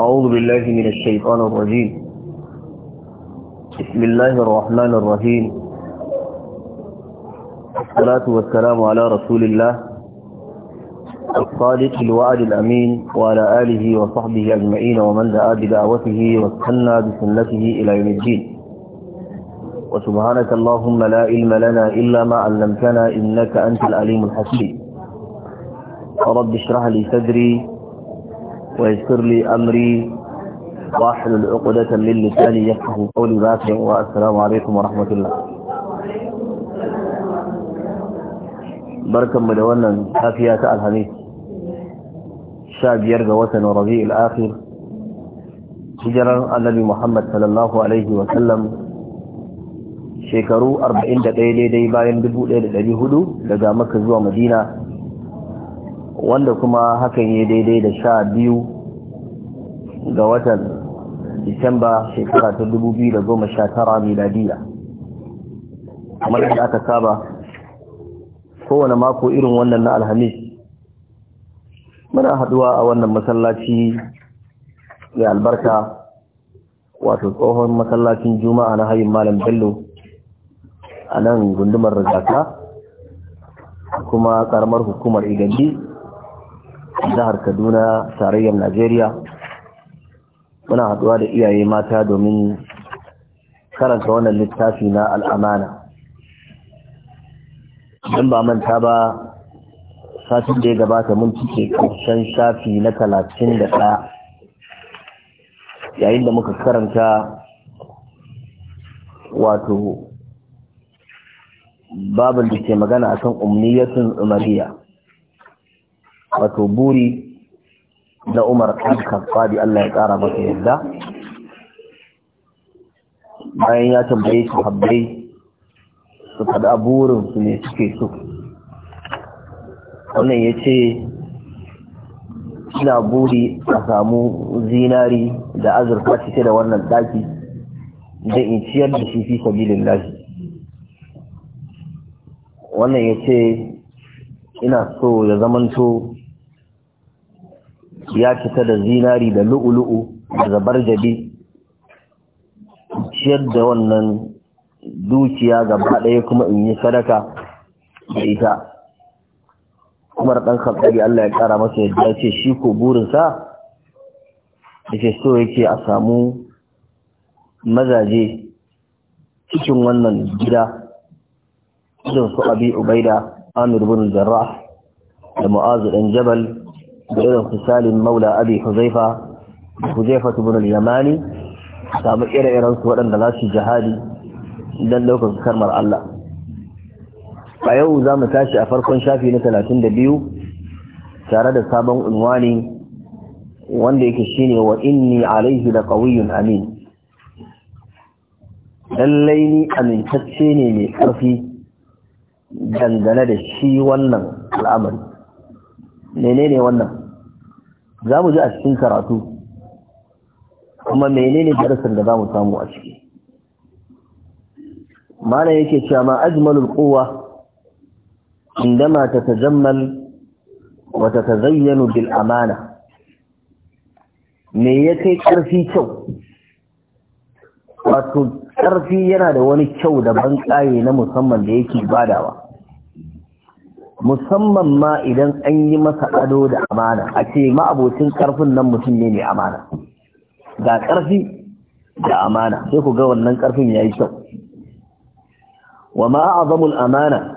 أعوذ بالله من الشيطان الرجيم بسم الله الرحمن الرحيم الصلاة والسلام على رسول الله الصادق الوعد الأمين وعلى آله وصحبه أجمعين ومن دعا بدعوته واستنى بسنته إلى يوم الدين وسبحانك اللهم لا علم لنا إلا ما علمتنا إنك أنت العليم الحكيم رب اشرح لي صدري ويسر لي أمري واحلل عقدة من لساني يفقه قولي باكر والسلام عليكم ورحمة الله بركة مدونا كافية الهميس شاب يرجى وطن ربيع الآخر hijirar annabi Muhammad sallallahu Alaihi wasallam shekaru 41 daidai bayan 1400 daga maka zuwa madina wanda kuma hakan yi daidai da sha biyu ga watan disamba shekara ta dubu biyu da goma sha tara miladiya kamar da aka saba kowane mako irin wannan na alhamis muna haduwa a wannan masallaci ya albarka wato tsohon masallacin juma'a na hayin malam bello a nan gundumar rigaka kuma karamar hukumar igandi jihar kaduna tarayyar najeriya muna haduwa da iyaye mata domin karanta wannan littafi na al'amana don ba manta ba satin da ya gabata mun cike karshen shafi na talatin da ɗaya yayin da muka karanta wato babin da ke magana akan umniyatun umariya wato buri na umar ɗan faɗi Allah ya ƙara masa yadda bayan ya tambaye su habbai su burin su ne suke so wannan ya ce ina buri a samu zinari da azurfa cike da wannan ɗaki don in ciyar da shi fi sabilin lafi wannan ya ce ina so ya zamanto ya cika da zinari da lu'ulu'u da zabar jabi ciyar da wannan dukiya gaba ɗaya kuma in yi sadaka da ita Kuma da ɗan khattabi Allah ya ƙara masa yadda ce shi ko burinsa ke so yake a samu mazaje cikin wannan gida irin su abi ubaida amir bin jarrah da mu'azu ɗan jabal da irin su salim maula abi huzaifa huzaifa ibn al-yamani samu ire-iren su waɗanda za su jihadi dan lokacin karmar Allah a yau za mu tashi a farkon shafi na 32 tare da sabon unwani wanda yake shine wa inni alaihi da qawiyyun amin lallai ni amintacce ne mai ƙarfi dangane da shi wannan al'amari menene wannan za mu ji a cikin karatu kuma menene darasin da za mu samu a ciki mana yake cewa ma ajmalul quwa indama tatajammal wa tatazayyanu bil amana me yake ƙarfi kyau wato ƙarfi yana da wani kyau da ban kaye na musamman da yake badawa musamman ma idan an yi masa ado da amana a ce ma'abocin karfin nan mutum ne mai amana ga ƙarfi da amana sai ku ga wannan karfin yi kyau wa ma azamul amana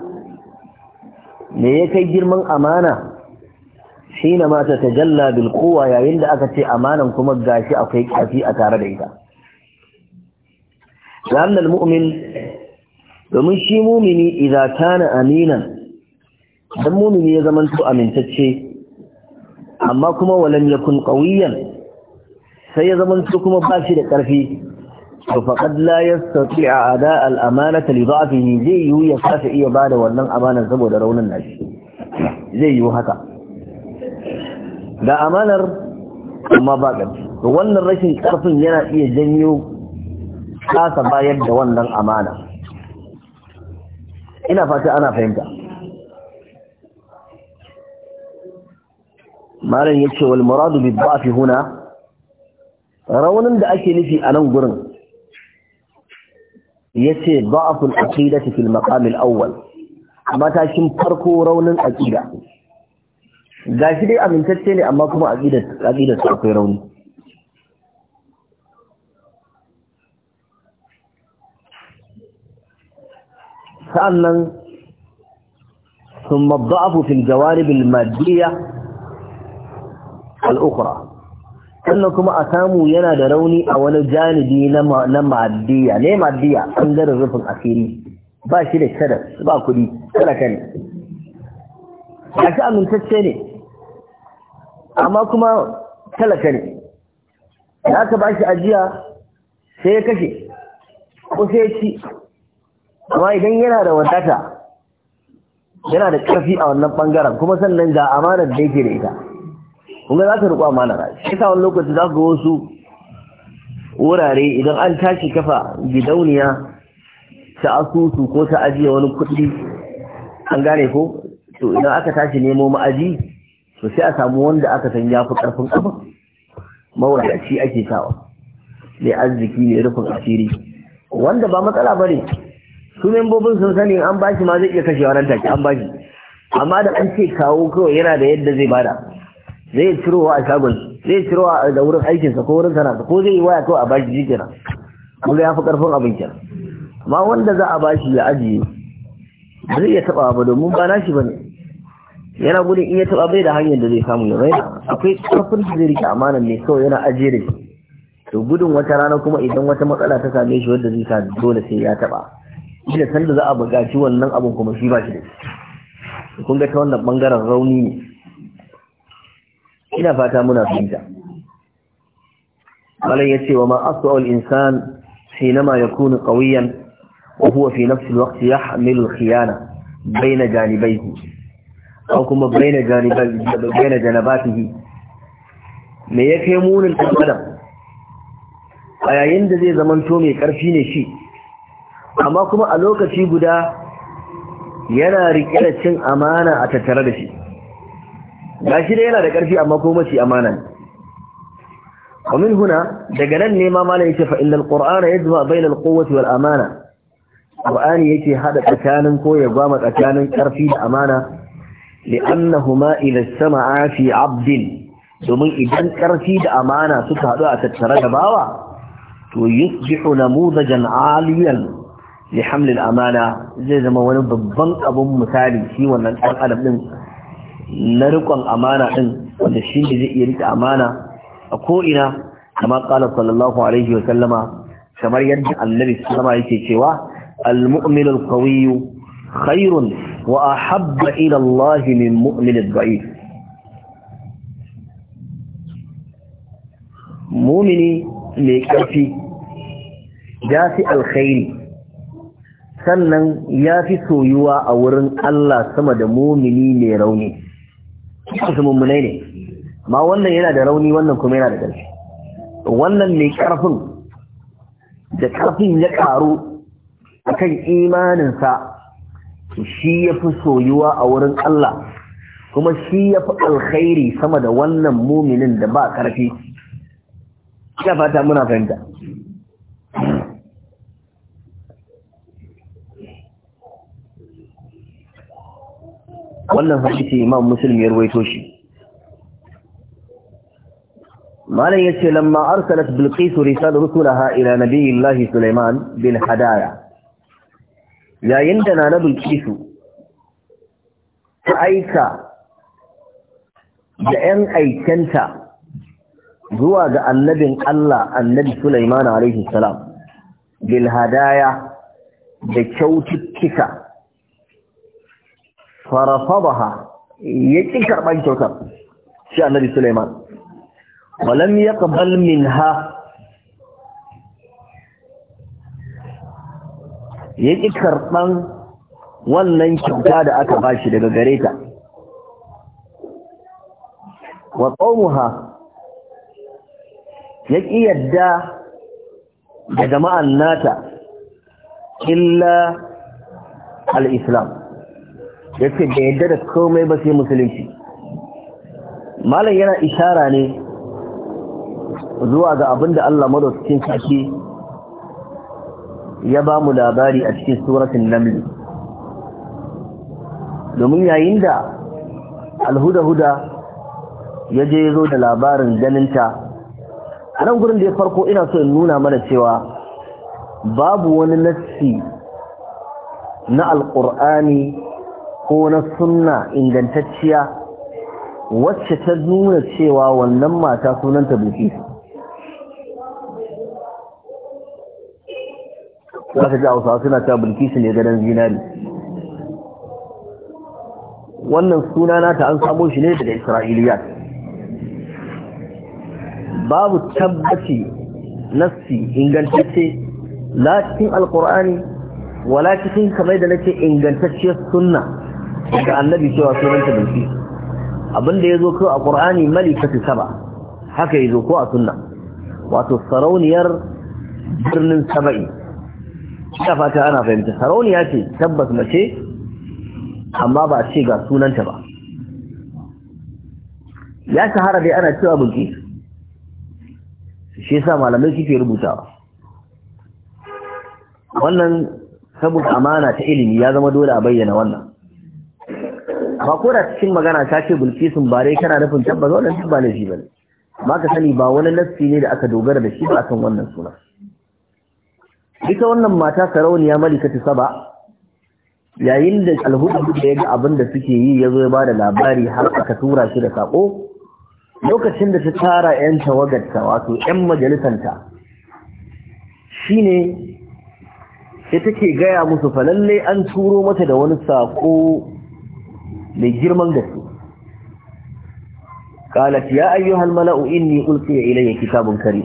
me ya kai girman amana na mata ta tajalla bilkowa yayin da aka ce amanan kuma gashi akwai kafi a tare da ita annal mu'min domin shi mumini idan kana aminan dan mumini ya zama to amintacce amma kuma walam yakun qawiyan sai ya zama to kuma ba shi da karfi to faqad la yastati'a ada al amanata li dha'fihi zai yi ya kasa iya bada wannan amanar saboda raunin nashi zai yi haka da amanar kuma ba ga to wannan rashin karfin yana iya janyo kasa bayar da wannan amana ina fata ana fahimta ما لن يكشي والمراد بالضعف هنا رونا دا أكيني في أنمبر يسي ضعف الأقيدة في المقام الأول أما تاشم فرقو رونا أكيدة قاشدي أمن تتيني أما كما أكيدة أكيدة تأكي رونا ثم الضعف في الجوانب المادية al'ukura sannan kuma a samu yana da rauni a wani janibi na maddiya ne maddiya ɓangaren rufin asiri ba shi da shadar ba kuɗi talaka ne ya shi amintacce ne amma kuma talaka ne Ya ka ba shi ajiya sai ya kashe ko sai ya ci amma idan yana da wadata yana da ƙarfi a wannan ɓangaren kuma sannan ga amanar da yake da ita kuma za ta riko amana rai shi sa wani lokaci za ga wasu wurare idan an tashi kafa gidauniya ta asusu ko ta ajiye wani kuɗi an gane ko to idan aka tashi nemo ma'aji to sai a samu wanda aka san ya fi ƙarfin ƙafa mawadaci ake sawa mai arziki mai rufin asiri wanda ba matsala ba ne su membobin sun sani an bashi ma zai iya kashewa nan take an bashi amma da an ce kawo kawai yana da yadda zai bada zai cirowa a shagon zai cirowa da wurin aikinsa ko wurin sana'a ko zai yi waya ko a bashi shi kenan kuma ya fi karfin abin kenan amma wanda za a bashi ya ajiye ba zai iya taba ba domin ba nashi bane yana gudun iya taba bai da hanyar da zai samu ya bai akwai karfin da zai rike amanan ne kawai yana ajiye da shi to gudun wata rana kuma idan wata matsala ta same shi wadda zai sa dole sai ya taba shi da sanda za a buƙaci wannan abin kuma shi ba shi da shi kun ga ta wannan bangaren rauni ne ina fata muna yi fahimta ya ce wa ma asu'ul insan hinama yakunu qawiyan wa huwa fi nafs alwaqt yahmilu khiyana baina janibayhi aw kuma baina janibayhi da baina janabatihi me yake munin tabbada a yayin da zai zaman to mai karfi ne shi amma kuma a lokaci guda yana rike da cin amana a tattare da shi gashi da yana da ƙarfi amma ko mace amana ne ومن هنا دجلن نيما ما ليس فإن القرآن يجمع بين القوة والأمانة القرآن يجي هذا tsakanin كو da amana li الأمانة لأنهما إذا اجتمعا في عبد domin idan ƙarfi da amana suka haɗu a tattare da bawa to yusbihu namudajan aliyan li hamlil amana zai zama wani babban abun misali shi wannan ɗan adam din na rikon amana din wanda shi ne zai iya rike amana a ko'ina kama kala sallallahu alaihi wa sallama kamar yadda annabi sallama yake cewa al-mu'min al khairun wa ahabba ila Allah min mu'min al-da'if mu'mini mai ƙarfi ya fi alkhairi sannan ya fi soyuwa a wurin Allah sama da mumini mai rauni dukkan mummunai ne ma wannan yana da rauni wannan kuma yana da ƙarfi wannan mai ƙarfin da ƙarfin ya ƙaru akan imaninsa shi ya fi soyuwa a wurin Allah kuma shi ya fi alkhairi sama da wannan muminin da ba ƙarfi ya fata muna fahimta wannan hadisi imam muslim ya ruwaito shi malam ya ce lamma arsalat bilqis risal rusulaha ila nabiyillahi sulaiman bin hadaya yayin da nana bilqis ta aika da ‘yan aikenta zuwa ga annabin Allah annabi Sulaiman alaihi salam bil hadaya da kyaututtuka farafabaha ya ƙi karɓar kyautar shi annabi Sulaiman walam min ha? ya ƙi karɓan wannan kyauta da aka bashi daga gare ta wa qaumuha ya ƙi yadda da jama'an nata illa al-islam ya ce da yadda da komai ba sai musulunci malam yana ishara ne zuwa ga abinda da Allah cikin sarki ya ba mu labari a cikin suratun namli domin yayin da alhuda-huda ya je zo da labarin ganinta a nan gurin da ya farko ina so in nuna mana cewa babu wani nassi na alƙur'ani ko na sunna ingantacciya wacce ta nuna cewa wannan mata sunanta bilkis za ka ji hausawa suna cewa bilkis ne gadon zinari wannan suna nata an samo shi ne daga isra'iliya babu tabbaci nassi ingantacce la cikin alkur'ani wala cikin kamar da nake ingantacciyar sunna daga annabi cewa sunanta bilki abinda yazo ko a qur'ani malikatu saba haka yazo ko a sunna wato sarauniyar birnin saba'i ina fata ana fahimta sarauniya ce tabbas mace amma ba a ce ga sunanta ba ya shahara dai ana cewa bilki shi yasa malamai kike rubutawa wannan saboda amana ta ilimi ya zama dole a bayyana wannan ba ko da cikin magana ta ce bulkisun ba dai kana nufin tabbas wannan duk ba laifi bane ba ka sani ba wani nassi ne da aka dogara da shi ba akan wannan suna ita wannan mata sarauniya malikatu saba yayin da alhudu da ya ga abin da suke yi ya zo ya ba da labari har aka tura shi da sako lokacin da ta tara 'yan tawagarta wato 'yan majalisanta shine sai take gaya musu falalle an turo mata da wani sako mai girman gaske kalat ya ayyuha almala'u inni ulqi ilayya kitabun kari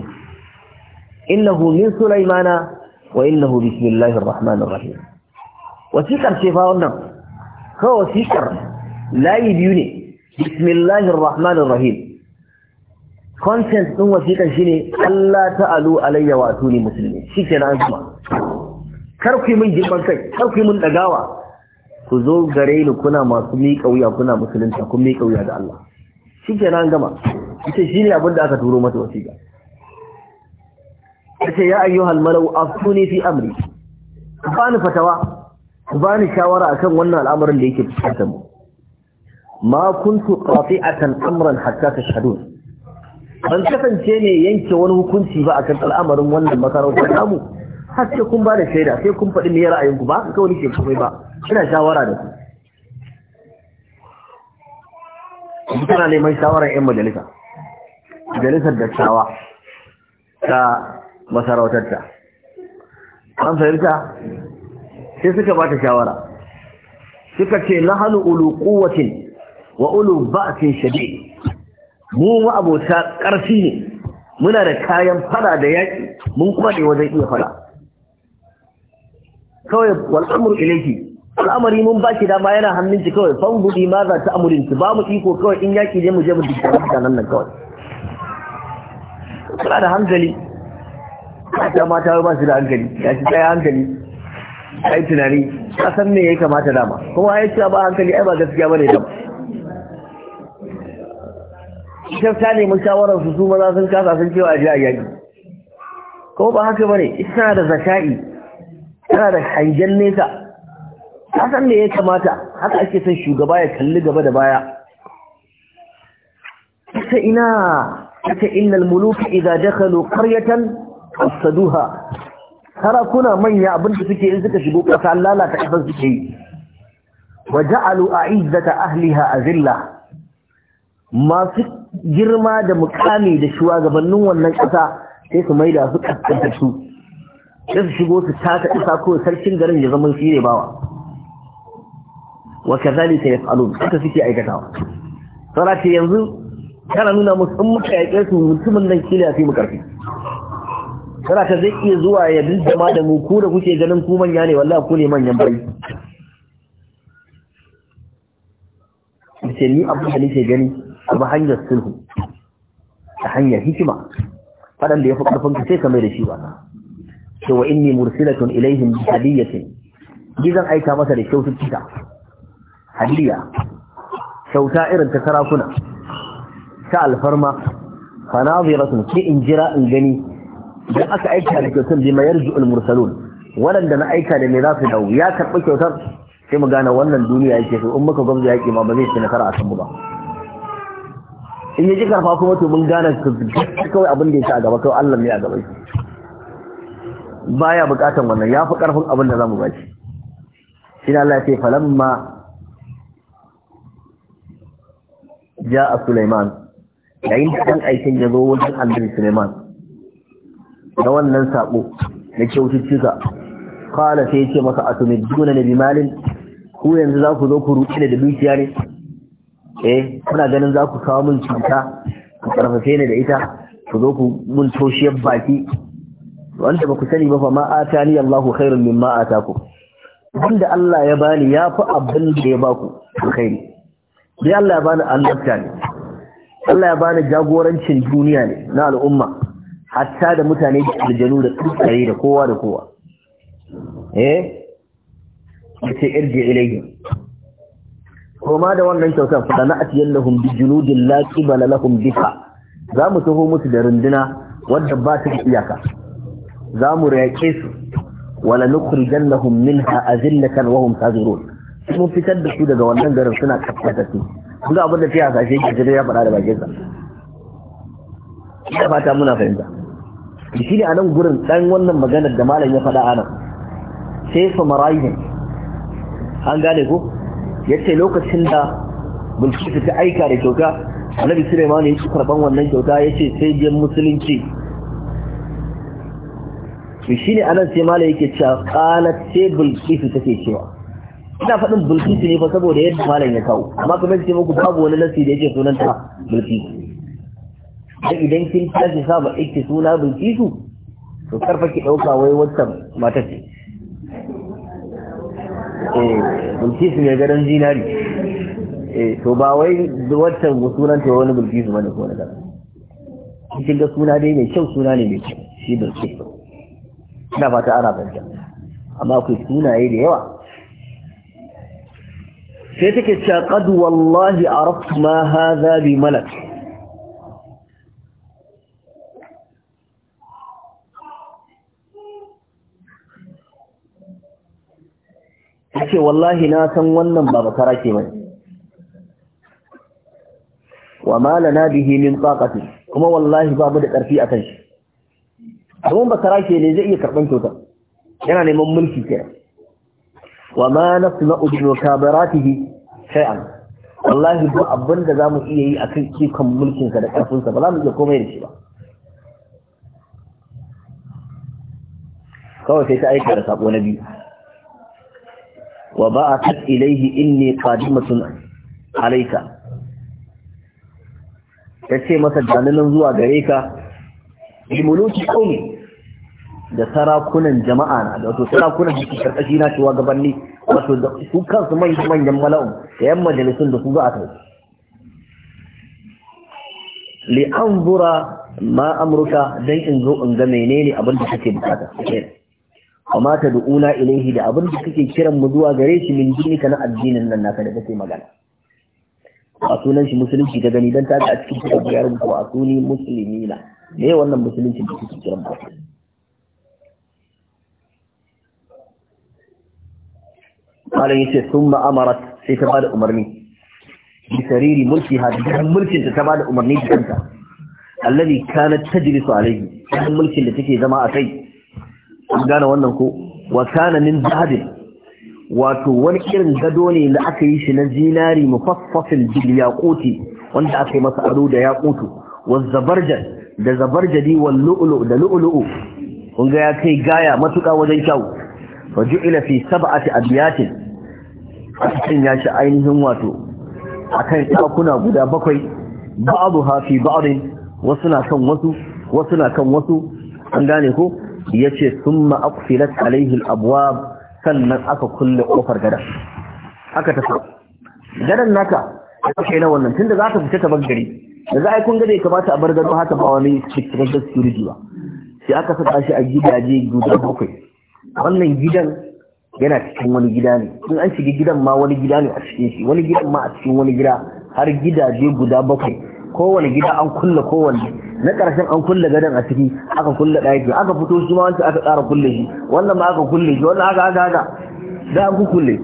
innahu min sulaymana wa innahu bismillahi arrahmanir rahim wasiqar shefa wannan ko wasiqar layi biyu ne bismillahi arrahmanir rahim content din wasiqar shine Allah ta'alu alayya wa atuni muslimin shikenan kuma karku mun jibban kai karku min dagawa ku zo gare ni kuna masu miƙa wuya kuna musulunta kun miƙa wuya da Allah shi ke nan gama ita shi ne abin da aka turo mata wasiƙa ta ce ya ayyuhal malau afuni fi amri Ba ni fatawa ba ni shawara akan wannan al'amarin da yake fuskantar mu ma kuntu qati'atan amran hatta tashhadun ban kasance ne yanke wani hukunci ba akan al'amarin wannan makarautar namu har sai kun ba da shaida sai kun faɗi me ra'ayinku ba ka kawai ke komai ba ina shawara da ku ku tana neman shawarar 'yan majalisa majalisar dattawa ta masarautarta an fahimta sai suka ba ta shawara suka ce nahanu ulu kowacin wa ulu ba ba'sin shadi mu abota ƙarfi ne muna da kayan fada da yaƙi mun kuma ne wajen iya fada kawai wal'amur ilaiki al'amari mun ba shi dama yana hannun shi kawai gudi ma za ta amurin ba mu iko kawai in yaki ne mu je mu dukkan mutanen nan kawai kuna da hankali ta mata ba su da hankali ya ci tsaye hankali ai tunani ka san me ya kamata dama kuma ya ci ba hankali ai ba gaskiya bane dama shafta ta nemi shawarar su su maza sun kasa sun cewa a ji a yaki ko ba haka bane ita da zakai tana da hangen nesa san me ya kamata haka ake son shugaba ya kalli gaba da baya ta ina ta innal muluk idza dakhalu qaryatan sarakuna manya abin da suke in suka shigo kasa lalata kafan suke yi wa ja'alu a'izzata ahliha azilla masu girma da mukami da shugabannin wannan kasa sai su maida su kaskanta su sai su shigo su taka isa ko sarkin garin ya zama shi ne bawa wa kazalika yaf'alun haka suke aikatawa sara ce yanzu kana nuna musu in muka yaƙe su mutumin nan kila fi mu karfi sara ta zai iya zuwa ya ma da mu ku da kuke ganin ku manya ne wallahi ku ne manyan bai ce ni da nake gani abu hanyar sulhu ta hanyar hikima fadan da ya fi karfin ka sai ka mai da shi ba to wa inni mursilatun ilaihim bi hadiyatin gizan aika masa da kyaututtuka hadiya kyauta irin ta sarakuna ta alfarma fanaziratun ke in jira in gani don aka aika da kyautar bi mayar al mursalun waɗanda na aika da mai za su dawo ya karɓi kyautar sai mu gane wannan duniya yake so in muka gwamza yaƙi ma ba zai ci nasara a mu ba in yaji karfa kuma to mun gane kawai abin da ya a gaba kawai Allah ne a gaba baya bukatan wannan ya fi karfin abin da zamu bashi shi Allah ya ce falamma Ja a Suleiman, yayin da ɗan aikin ya zo wajen annabi Suleiman. da wannan sako na kyaututtuka kala sai ya ce masa atumiduna na bimalin ku yanzu za ku zo ku ruɗe da dukiya ne eh kuna ganin za ku kawo min cuta ku karfafe ni da ita ku zo ku mun toshiyar baki wanda ba ku sani ba fa ma atani Allahu khairun mimma ataku wanda Allah ya bani ya fi abin da ya baku alkhairi dai Allah ya bani annabta ne Allah ya bani jagorancin duniya ne na al'umma hatta da mutane da aljanu da tsare da kowa da kowa eh sai irje ilayhi kuma da wannan kyautar fada na lahum bi junudin la qibal lahum biha za mu taho musu da runduna wanda ba ta da iyaka za mu rayake su wala nukhrijannahum minha azillatan wa hum sazirun mun fitar da su daga wannan garin suna kaskata su duk abin da fiya sashe ke jira ya faɗa da sa ina fata muna fahimta shi ne a nan gurin ɗan wannan maganar da malam ya faɗa a nan sai samarayin an gane ko ya ce lokacin da bulkisu ta aika da kyauta annabi suleiman ya ci karban wannan kyauta ya ce sai biyan musulunci shi ne a nan sai malam yake cewa kalat sai bulkisu take cewa ina faɗin bulkisi ne fa saboda yadda malam ya kawo amma kamar ce muku babu wani nasi da yake sunan ta bulkisi dan idan kin tashi sa ba ake suna bulkisu to karfa ki ɗauka wai wata mata ce eh bulkisi ne gadon zinari eh to ba wai wata sunan ta wani bulkisu bane ko wani kaza kin ga suna dai mai kyau suna ne mai kyau shi bulkisu ina fata ana fahimta amma akwai sunaye da yawa sai take cewa qad wallahi araftu ma hadha bi malak ce wallahi na san wannan ba bakara ke mai wa malana bihi min taqati kuma wallahi ba mu da karfi akan shi abun bakara ke ne zai iya karban kyauta yana neman mulki kenan wa ma nasma'u bi mukabaratihi shay'an wallahi duk abin da zamu iya yi akan kikon mulkin ka da karfin sa ba za mu iya komai da shi ba kawai sai ta aika da sako na biyu wa ba'at ilayhi inni qadimatun alayka tace masa dalilan zuwa gare ka bi muluki qaumi da sarakunan jama'a na da wato sarakunan da ke karkashi na cewa gabanni wato da su kansu manyan mala'un da yan majalisun da su za a kai li anzura ma amruka dan in zo in ga menene abin da kake bukata wa ma du'una ilaihi da abin da kake kiran mu zuwa gare shi min jini na addinin nan naka da kake magana a sunan shi musulunci ta gani dan ta ga a cikin kitab ya rubuta a suni na me wannan musulunci da kake kiran mu malam yace summa amarat sai ta bada umarni bi sariri mulki ha da mulkin ta ta bada umarni da kanta alladhi kanat tajlisu alayhi dan mulkin da take zama a kai an gane wannan ko wa kana min wato wani irin gado ne da aka yi shi na zinari mufaffafin bil yaquti wanda aka yi masa ado da yaqutu wa zabarjan da da ya kai gaya matuka wajen kyau fa sab'ati abyatin cikin ya shi ainihin wato A kan ɗakuna guda bakwai ba'adu hafi abin wasu na kan wasu wasu na kan wasu an gane ko ce summa aqfilat alaihi al sannan aka kulle kofar gada aka tafi gadan naka ya kai na wannan tun da za ka fita ta bangare. da za a yi kun gade kamata a bar gado haka ba wani cikin security ba sai aka saka shi a gidaje guda bakwai wannan gidan yana cikin wani gida ne in an shiga gidan ma wani gida ne a cikin shi wani gidan ma a cikin wani gida har gidaje guda bakwai kowane gida an kulle kowanne na ƙarshen an kulle gadon a ciki aka kulle ɗaki aka fito shi ma wancan aka ƙara kulle shi wannan ma aka kulle shi wannan aka aka aka da an kulle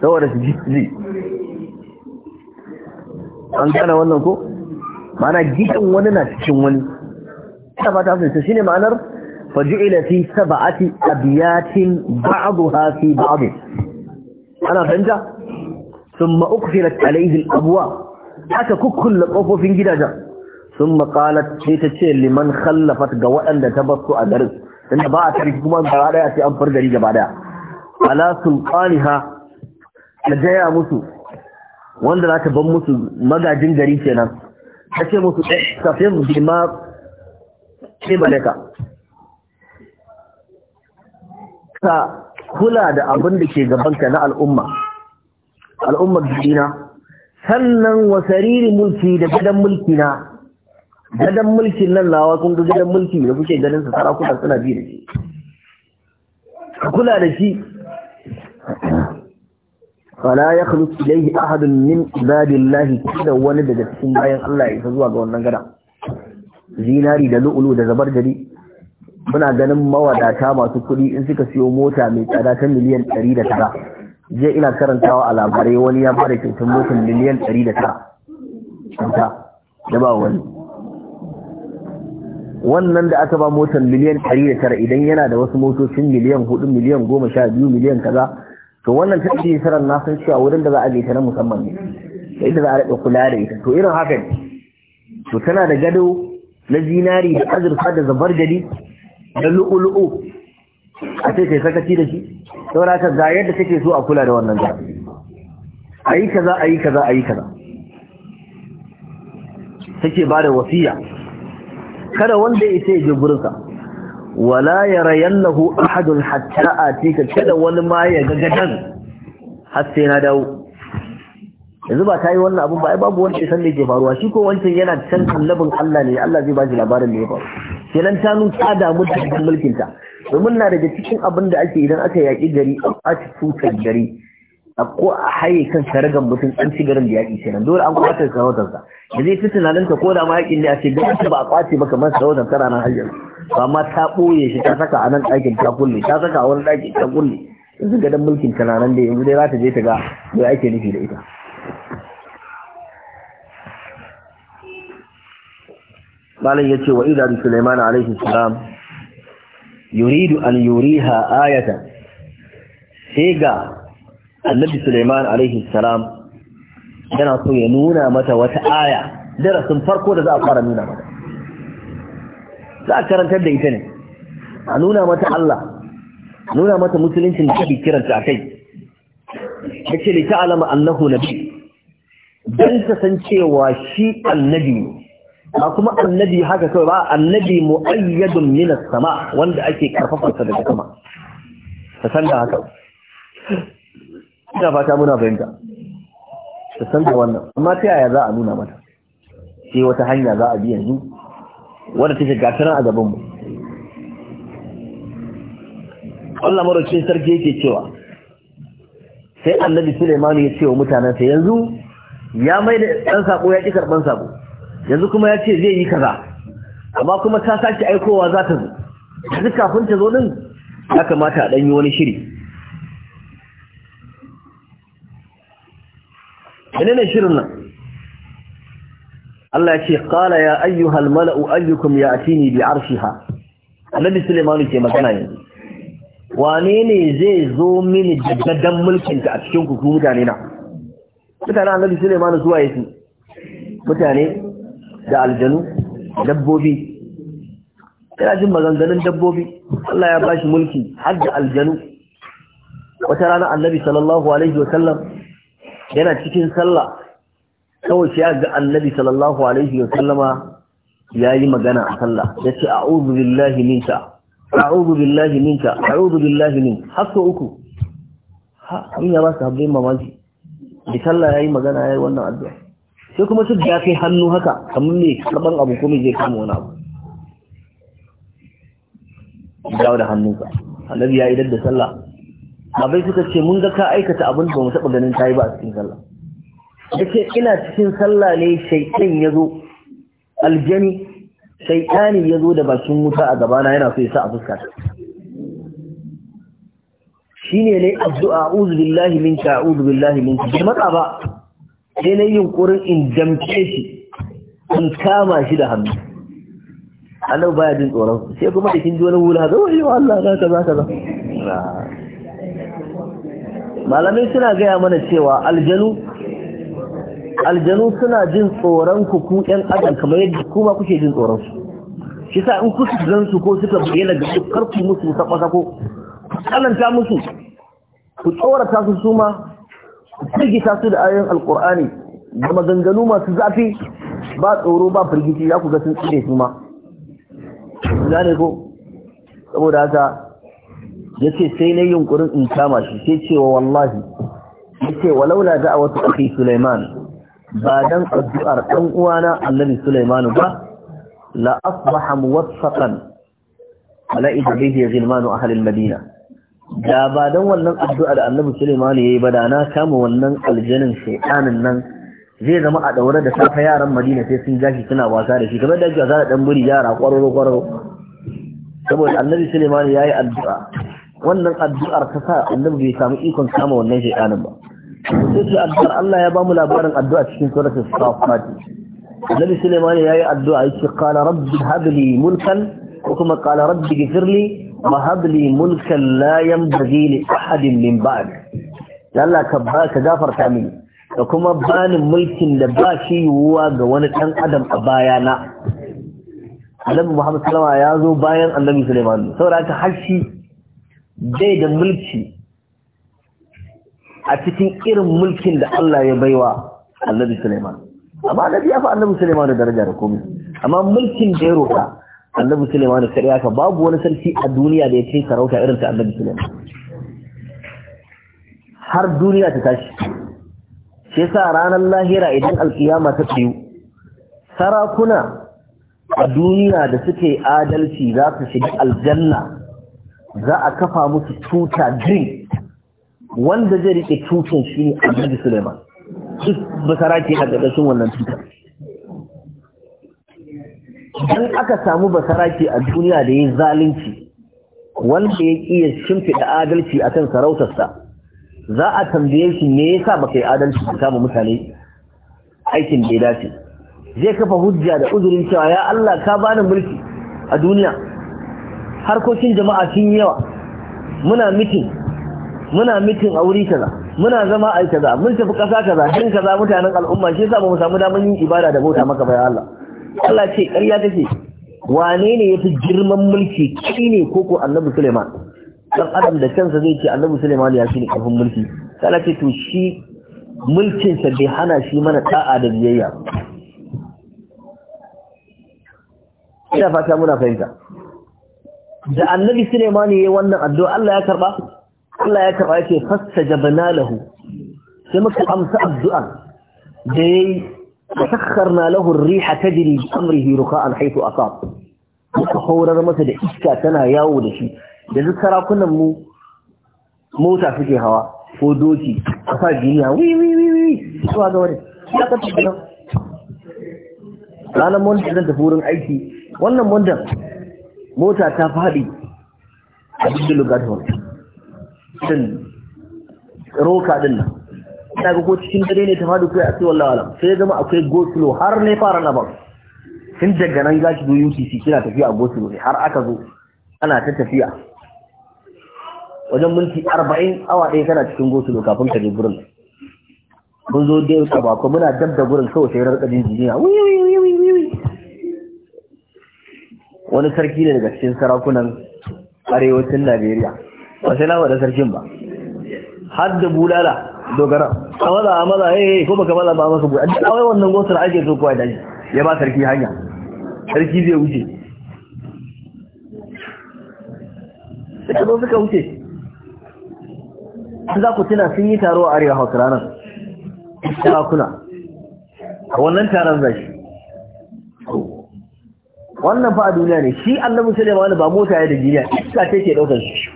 saboda su ji ji an gane wannan ko Ma'ana gidan wani na cikin wani ta fata sun shi ne ma'anar faju'ila fi sab'ati abyatin ba'daha fi ba'd ana fahimta thumma uqfilat alayhi al-abwa haka kukkulla kofofin gidajen thumma qalat sai tace liman khallafat ga waɗanda ta basu a garin inda ba a tarihi kuma gaba daya sai an gari gaba daya ala sulqaniha ta jaya musu wanda za ta ban musu magajin gari kenan ta ce musu ihtafiz ce qibalaka ka kula da abin da ke gabanka na al'umma al'ummar jina sannan wa sariri mulki da gidan mulki na gadon mulkin nan lawa kun ga gadon mulki da kuke ganin sa sarakuna suna bi da shi ka kula da shi fala ya khulu ilayhi ahadun min ibadillahi kada wani daga cikin bayan Allah ya isa zuwa ga wannan gada zinari da lu'ulu da zabar gari muna ganin mawadata masu kuɗi in suka siyo mota mai tsada ta miliyan ɗari da tara je ina karantawa a labarai wani ya fara kyautar motar miliyan ɗari da tara kyauta da ba wani wannan da aka ba motar miliyan ɗari da tara idan yana da wasu motocin miliyan hudu miliyan goma sha biyu miliyan kaza to wannan ta ce sarar na san cewa wurin da za a je ta na musamman ne da ita za a rika kula da ita to irin haka ne to tana da gado na zinari da azurfa da zabar gari da lu'ulu'u a ce ke sakaci da shi saboda ka ga yadda take so a kula da wannan zaɓi a yi kaza a yi kaza a yi kaza take ba da wasiya kada wanda ya ce je gurinka wala ya rayallahu ahadun hatta atika kada wani ma ya ga har sai na dawo yanzu ba ta yi wannan abin ba ai babu wanda ya san me ke faruwa shi ko wancan yana can kallabin Allah ne Allah zai ba shi labarin da ya faru kenan ta ta damu da cikin mulkin ta domin na daga cikin abin da ake idan aka yaki gari a ɓaci tutar gari a ko a haye kan saragan mutum an ci garin da yaƙi kenan dole an kwatar sarautar sa da zai fi tunanin ta ko da ma yaƙin ne a ce garin ba a kwace ba kamar sarautar ta ranar hajjar ba ma ta ɓoye shi ta saka a nan ɗakin ta kulle ta saka a wani ɗakin ta kulle yanzu gadon mulkin ta nan da yanzu dai za ta je ta ga me ake nufi da ita malam yace wa idan Sulaiman alaihi salam yuridu an yuriha ayatan sai ga annabi Sulaiman alaihi salam yana so ya nuna mata wata aya darasin farko da za a fara nuna mata za a karantar da ita ne a nuna mata Allah nuna mata musuluncin da kake kiranta akai yace ta alama annahu nabi don ta san cewa shi annabi ne ba kuma annabi haka kawai ba annabi mu'ayyadun as sama wanda ake karfafarsa daga sama ta san da haka ina fata muna fahimta ta san da wannan amma ta yaya za a nuna mata sai wata hanya za a bi yanzu wanda take shiga a gaban mu Allah marocin sarki yake cewa sai annabi Suleiman ya ce wa mutanansa yanzu ya mai da ɗan sako ya ƙi karɓan sako yanzu kuma ya ce zai yi kaza amma kuma ta sake aikowa za ta zo yanzu kafin ta zo ɗin ya kamata a ɗan yi wani shiri ne ne shirin nan? Allah ya ce, "Kala ya ayyuhal mala'u ayyukum ya biyar bi arshiha." Annabi Suleimanu ke magana yanzu. Wane ne zai zo mini daddadan mulkinta a cikin kuku mutane na? mutanen annabi Sulaiman zuwa yake mutane da aljanu dabbobi yana jin maganganun dabbobi Allah ya bashi mulki har da aljanu wata rana annabi sallallahu alaihi wa sallam yana cikin sallah kawai shi ga annabi sallallahu alaihi wa sallam ya yi magana a sallah yace a'udhu billahi minka a'udhu billahi minka a'udhu billahi minka har uku ha in ya ba su habbai mamaki mai sallah yi magana ya yi wannan addu'a sai kuma su da kai hannu haka kamar mai karban abu kuma zai kama wani abu dawo da hannunka annabi ya idar da sallah abai suka ce mun ga ka aikata abin da ba mu taɓa ganin ta yi ba a cikin sallah yace ina cikin sallah ne shaitan ya zo aljani shaitani ya zo da bakin wuta a gabana yana so ya sa a fuskata shine ne addu'a a'udhu billahi minka a'udhu billahi minka bai matsa ba sai na kurin in damke shi in kama shi da hannu Allah baya jin tsoron sai kuma da kin ji wani wula zo yi wa Allah za ka za ka za malamai suna gaya mana cewa aljanu aljanu suna jin tsoron ku ku yan adam kamar yadda kuma kuke jin tsoron su shi sa in kuka zan su ko suka bayyana ga duk karfi musu sako ko tsananta musu ku tsorata su suma ku firgita su da ayoyin alkur'ani da maganganu masu zafi ba tsoro ba firgici ya ku ga sun tsire su ma gane ko saboda haka ya ce sai na yunkurin in kama shi sai cewa wallahi ya ce walaula da a wata ake suleiman ba don addu'ar ɗan uwana annabi suleimanu ba la asbaha muwaffaqan ala idrihi zilmanu a halin madina da ba don wannan addu'a da annabi Suleiman ya yi ba da na kama wannan aljanin shaidanin nan zai zama a daure da safa yaran Madina sai sun gashi suna wasa da shi kamar da ake wasa da dan buri yara ƙwararro ƙwararro saboda annabi Suleiman ya yi addu'a wannan addu'ar ta sa annabi bai samu ikon kama wannan shaidanin ba sai ce addu'ar Allah ya ba mu labarin addu'a cikin suratul Safat annabi Suleiman ya yi addu'a yake qala rabbi mulkan ko kuma qala rabbi ghfirli mahabli mulkan layan yanbaghi li ahadin min ba'd Allah ka ba ka gafarta mini da kuma bani mulkin da ba shi yiwuwa ga wani ɗan adam a bayana Annabi Muhammad salama ya zo bayan Annabi Suleiman. saboda haka har shi bai da mulki a cikin irin mulkin da Allah ya baiwa Annabi Suleiman. amma Annabi ya fi Annabi Suleiman da daraja da komai amma mulkin da ya roka annabi Suleiman sai ya ka babu wani sarki a duniya da ya ce sarauta irin ta annabi Suleiman har duniya ta tashi shi sa ranar lahira idan alkiyama ta tsayo. sarakuna a duniya da suke adalci za su shiga aljanna za a kafa musu tuta green wanda zai rike tutun shi ne annabi Suleiman duk basara ke a ƙarƙashin wannan tutar idan aka samu basaraki a duniya da ya zalunci wanda ya iya da adalci akan sarautarsa za a tambaye shi me yasa baka yi adalci ka kama mutane aikin da ya dace zai kafa hujja da uzurin cewa ya Allah ka bani mulki a duniya harkokin jama'a sun yi yawa muna mitin muna mitin a wuri kaza muna zama a kaza mun tafi kasa kaza din kaza mutanen al'umma shi yasa ba mu samu damar yin ibada da bauta maka ba ya Allah Allah ce ƙarya ce, wane ne ya fi girman mulki kai ne ko ko annabi Suleiman dan adam da kansa zai ce annabi Suleiman ya fi ne karfin mulki Allah ce to shi mulkin sa bai hana shi mana da'a da biyayya ina fata muna fahimta da annabi Suleiman ya yi wannan addu'a Allah ya karba Allah ya karba yake fastajabna lahu sai muka amsa addu'a da yi. وسخرنا له الريح تجري بأمره رخاء حيث أصاب horar masa da iska tana yawo da shi da duk sarakunan mu mota suke hawa ko doki a sa ya ka tafi nan ranar monda zan tafi aiki wannan monda mota ta faɗi a cikin lugar hon roka din nan ina ga ko cikin dare ne ta fadi kai a ce wallahi sai ya zama akwai goslo har ne fara na ban tun daga nan za ki zo UCC kina tafiya a goslo ne har aka zo ana ta tafiya wajen minti arba'in awa ɗaya kana cikin goslo kafin ka je gurin mun zo dai ka ba muna dab da gurin kawai sai rarka jin jiniya wani sarki ne daga cikin sarakunan arewacin Najeriya ba sai na wada sarkin ba har da bulala dogara a maza a maza eh, eh ko baka maza ba masu buɗe a wai wannan gosar ake so kuwa da ya ba sarki hanya sarki zai wuce suka zo suka wuce za ku tuna sun yi taro a arewa hausa ranar kuna. a wannan taron zai wannan fa a duniya ne shi annabi sulaiman ba mota ya da duniya iska ce ke daukar shi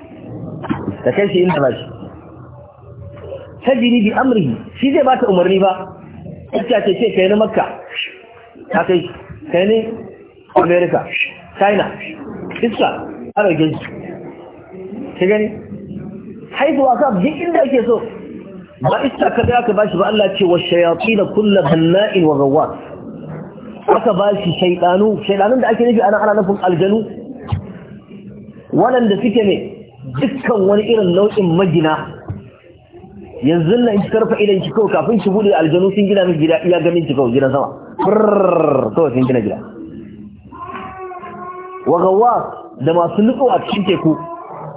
da kai shi inda shi tajiri bi amrihi shi zai bata umarni ba ita ce ce kai na makka ta kai kai ne america china iska ana gani ka gani haifuwa ka duk inda ake so ba iska ka aka ba shi ba Allah ce wa da kulla banna'in wa ghawwas aka ba shi shaydanu shaydanun da ake nufi ana ana nufin aljanu waɗanda suke ne dukkan wani irin nau'in majina. yanzu nan ki karfa idan ki kawai kafin ki bude aljanu sun gina miki gida iya ganin ki kawai gidan sama kawai sun gina gida wagawa da masu nutso a cikin teku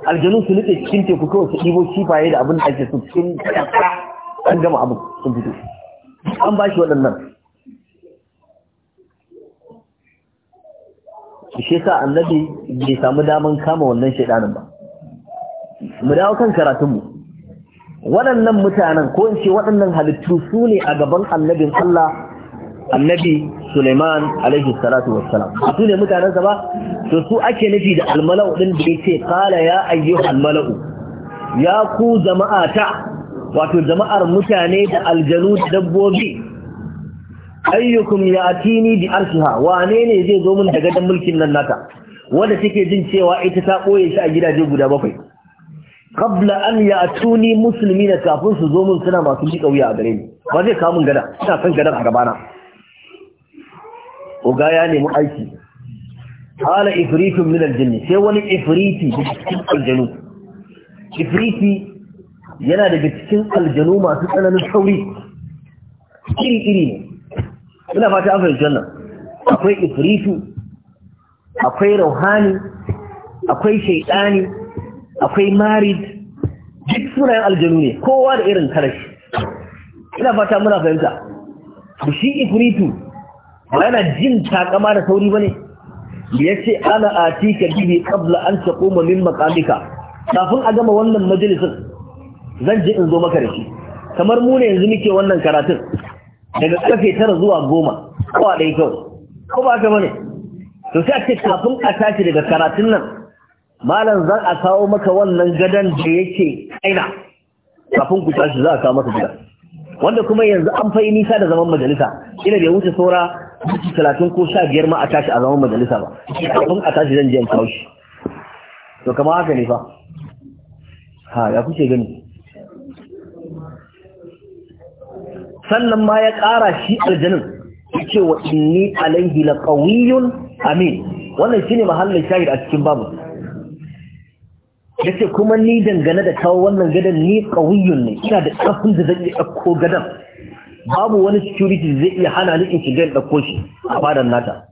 aljanu su nutse cikin teku kawai su ɗibo kifaye da abin da ake su cikin kakara an gama abu sun fito an ba shi waɗannan shi sa annabi bai samu daman kama wannan shaidanin ba mu dawo kan karatunmu waɗannan mutanen ko in ce waɗannan halittu su ne a gaban annabin Allah annabi Suleiman alaihi salatu wassalam su ne mutanen ba to su ake nufi da almala'u din da yake kala ya ayyu mala'u ya ku jama'ata wato jama'ar mutane da aljanu da dabbobi ayyukum yatini bi arshiha wane ne zai zo mun daga dan mulkin nan naka wanda take jin cewa ita ta koye shi a gidaje guda bakwai qabla an ya'tuni muslimina kafin su zo mun suna masu jika wuya a gare ni ba zai kawo mun gada ina son gadan a gabana oga ya nemi aiki ala ifritun min aljanni sai wani ifriti cikin aljanu ifriti yana daga cikin aljanu masu tsananin sauri iri iri ne ina fata an fahimci wannan akwai ifritu akwai rauhani akwai shaidani akwai marid duk sunayen aljanu ne kowa da irin karashi ina fata muna fahimta to shi ifritu ba yana jin takama da sauri bane ya ce ana atika gibi qabla an taquma min maqamika kafin a gama wannan majalisin zan je in zo maka da kamar mu ne yanzu muke wannan karatun daga karfe tara zuwa goma kowa ɗaya kawai ko ba ka bane to sai a ce kafin a tashi daga karatun nan malam zan a kawo maka wannan gadon da yake aina kafin ku tashi za a kawo maka gida wanda kuma yanzu an fayi nisa da zaman majalisa ina bai wuce saura minti talatin ko sha biyar ma a tashi a zaman majalisa ba kafin a tashi zan je in kawo shi to kama haka ne fa ha ya kuke gani sannan ma ya ƙara shi aljanin ya ce wa inni alaihi la amin wannan shine mahallin shahid a cikin babu ya ce kuma ni dangane da kawo wannan gadon ni ƙawiyun ne ina da ƙarfin da zan iya ɗauko gadon babu wani security zai iya hana ni in shiga in ɗauko shi a fadar nata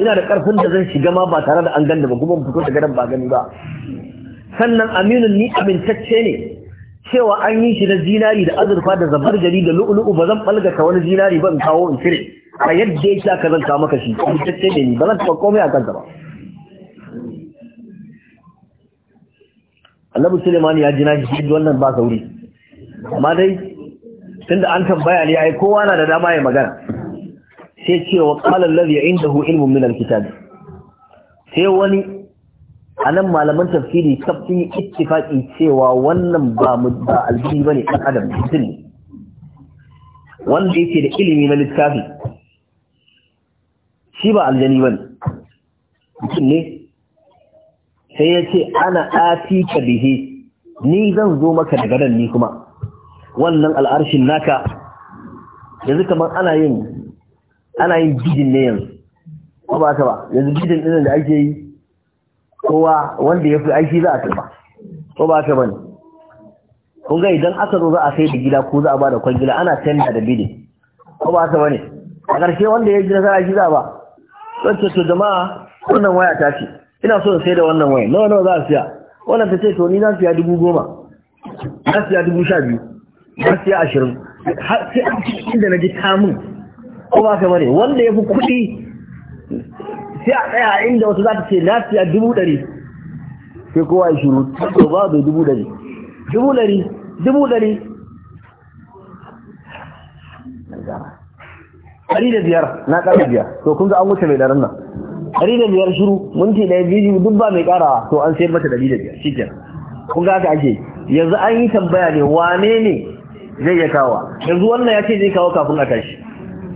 ina da ƙarfin da zan shiga ma ba tare da an ganda ba kuma fito da gadon ba gani ba sannan aminun ni amintacce ne cewa an yi shi na zinari da azurfa da zabar gari da lu'ulu'u ba zan ɓalgata wani zinari ba in kawo in cire a yadda ya sha ka zan kawo maka shi amintacce ne ni ba zan taɓa komai a kansa ba annabi suleiman ya ji nashi shi wannan ba sauri amma dai tunda an tambaya ne ai kowa na da dama ya magana sai ce wa qala allazi indahu ilmun min alkitab sai wani anan malaman tafsiri kafin ittifaqi cewa wannan ba mudda ba albini bane dan adam mutum ne wanda yake da ilimi na littafi shi ba aljani bane ne sai ya ce ana ati ka bihe ni zan zo maka daga nan ni kuma wannan al'arshin naka yanzu kamar ana yin ana yin bidin ne yanzu ko ba ka ba yanzu bidin ɗin da ake yi kowa wanda ya fi aiki za a karba ko ba ka bane kun ga idan aka zo za a sai da gida ko za a ba da kwan gida ana tenda da bidin ko ba ka bane a ƙarshe wanda ya ji nasara shi za a ba wancan to jama'a wannan waya ta ce ina so sai da wannan wayan nawa nawa za a siya wannan ta ce to ni na siya dubu goma na siya dubu sha biyu na siya ashirin sai an ci inda na ji tamun ko ba ka bane wanda ya fi kuɗi sai a tsaya inda wasu za ta ce na siya dubu ɗari sai kowa ya shiru to ba bai dubu ɗari dubu ɗari dubu ɗari ɗari da biyar na ƙarfi biyar to kun ga an wuce mai ɗarin nan ɗari da biyar shiru minti ɗaya biyu duk ba mai ƙarawa to an sayar mata ɗari da biyar shi kun ga haka ake yanzu an yi tambaya ne wane ne zai ya kawo yanzu wannan ya ce zai kawo kafin a tashi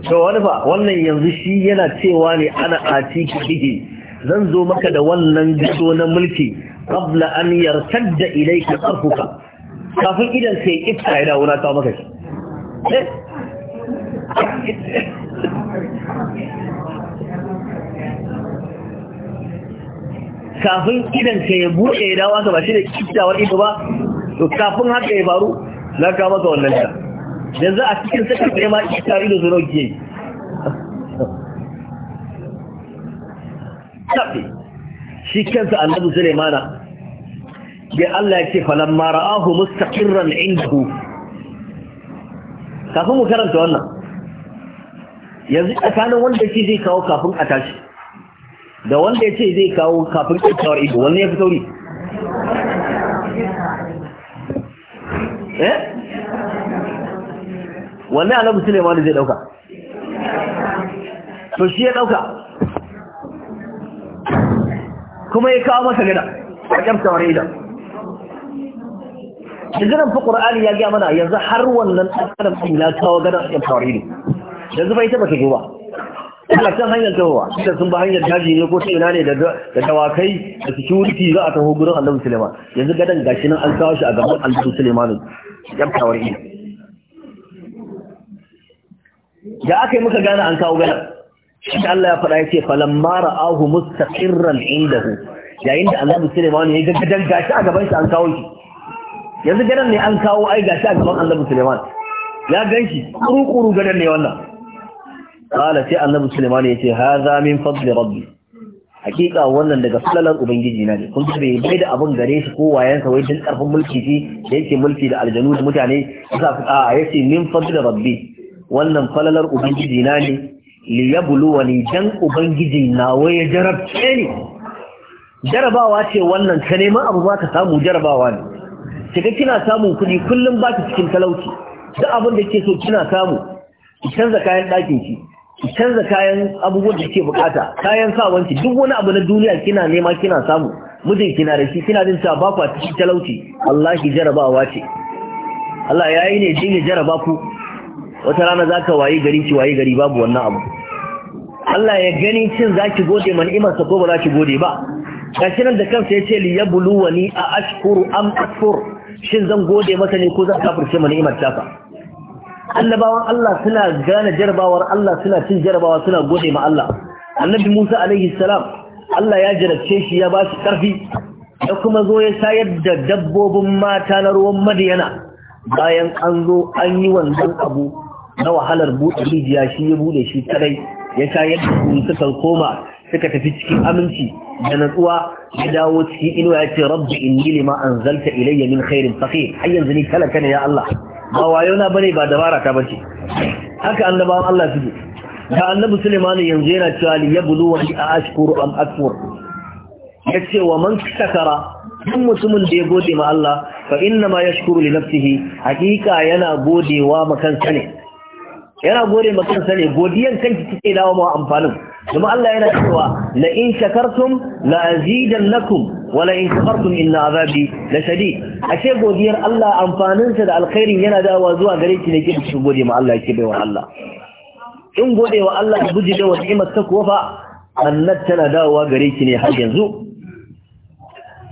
to wani fa wannan yanzu shi yana cewa ne ana ati kike zan zo maka da wannan gado na mulki qabla an yartadda ilayka tarfuka kafin idan sai ifta ya dawo na kawo maka shi eh? kafin idan ka yi buɗe ya dawo ka ba shi da kiftawar ido ba to kafin haka ya faru za ka maka wannan da yanzu a cikin sakan ɗaya ma kiftawar ido zuwa ke yi tafi shi kansa annabi sulaimana bi Allah ya ce falamma ra'ahu mustaqirran indahu kafin mu karanta wannan yanzu tsakanin wanda shi zai kawo kafin a tashi da wanda ya ce zai kawo kafin kyakkyawar ido wanda ya fi sauri eh labu annabi Sulaiman zai dauka to shi ya dauka kuma ya kawo masa gida a kyakkyawar ido yanzu nan fa ya gaya mana yanzu har wannan ɗan adam ya kawo gada a kyakkyawar ido yanzu bai taba ta ba suna san hanyar tahowa inda sun ba hanyar daji ne ko ina ne da dawakai da security za a taho gurin annabi suleiman yanzu gadan gashi nan an kawo shi a gaban annabi suleiman yamtawar iya da aka yi muka gane an kawo gadan shi Allah ya faɗa ya ce falamma ra'ahu mustaqirran indahu yayin da annabi suleiman ya ga gadan gashi a gaban shi an kawo shi yanzu gadan ne an kawo ai gashi a gaban annabi suleiman ya ganshi kuru kuru gadan ne wannan qala sai annabi sulaiman yace hadha min fadli rabbi hakika wannan daga falalar ubangiji na ne kun bai bai da abin gare shi ko wayansa wai din karfin mulki shi da yake mulki da aljanu da mutane yasa a yace min fadli rabbi wannan falalar ubangiji na ne li yabluwani dan ubangiji na waye jarabce ni jarabawa ce wannan ka neman abu ba ka samu jarabawa ne kiga kina samun kuɗi kullum ba ki cikin talauci duk abin da ke so kina samu ki canza kayan ɗakin ki ki canza kayan abubuwan da ke bukata kayan sawanci duk wani abu na duniya kina nema kina samu mijin kina da shi kina jin cewa ba ku a cikin talauci Allah ki jarabawa ce Allah ya yi ne jin ya jaraba ku wata rana za ka waye gari ki waye gari babu wannan abu Allah ya gani cin za ki gode man sa ko ba za ki gode ba gashi nan da kansa ya ce li yabluwani a ashkuru am akfur shin zan gode masa ne ko zan kafirce man iman ta annabawan Allah suna gane jarabawar Allah suna cin jarrabawa, suna gode ma Allah annabi Musa alaihi salam Allah ya jarabce shi ya ba shi ƙarfi ya kuma zo ya sayar da dabbobin mata na ruwan madiyana bayan an zo an yi wanzan abu na wahalar buɗe rijiya shi ya buɗe shi kadai ya sayar da su suka koma suka tafi cikin aminci da natsuwa ya dawo cikin inuwa ya ce rabbi inni lima anzalta ilayya min khairin faqir har yanzu ni talaka ne ya Allah ba wayo na bane ba dabara ta bace haka annabawan Allah suke ga annabi Sulaiman yanzu yana cewa li yablu wa ashkuru am akfur yace wa man shakara duk mutumin da ya gode ma Allah fa inna ma yashkuru li nafsihi hakika yana godewa ma kansa ne yana gode ma kansa ne godiyan kanki kike dawo ma amfanin kuma Allah yana cewa la in shakartum la azidannakum wala in shakartum inna azabi la shadid ashe godiyar Allah amfanin sa da alkhairin yana dawowa zuwa gare ki ne ki ki gode ma Allah ki baiwa Allah in gode wa Allah ki guje da ni'imar ta kuwa fa annat tana dawowa gare ki ne har yanzu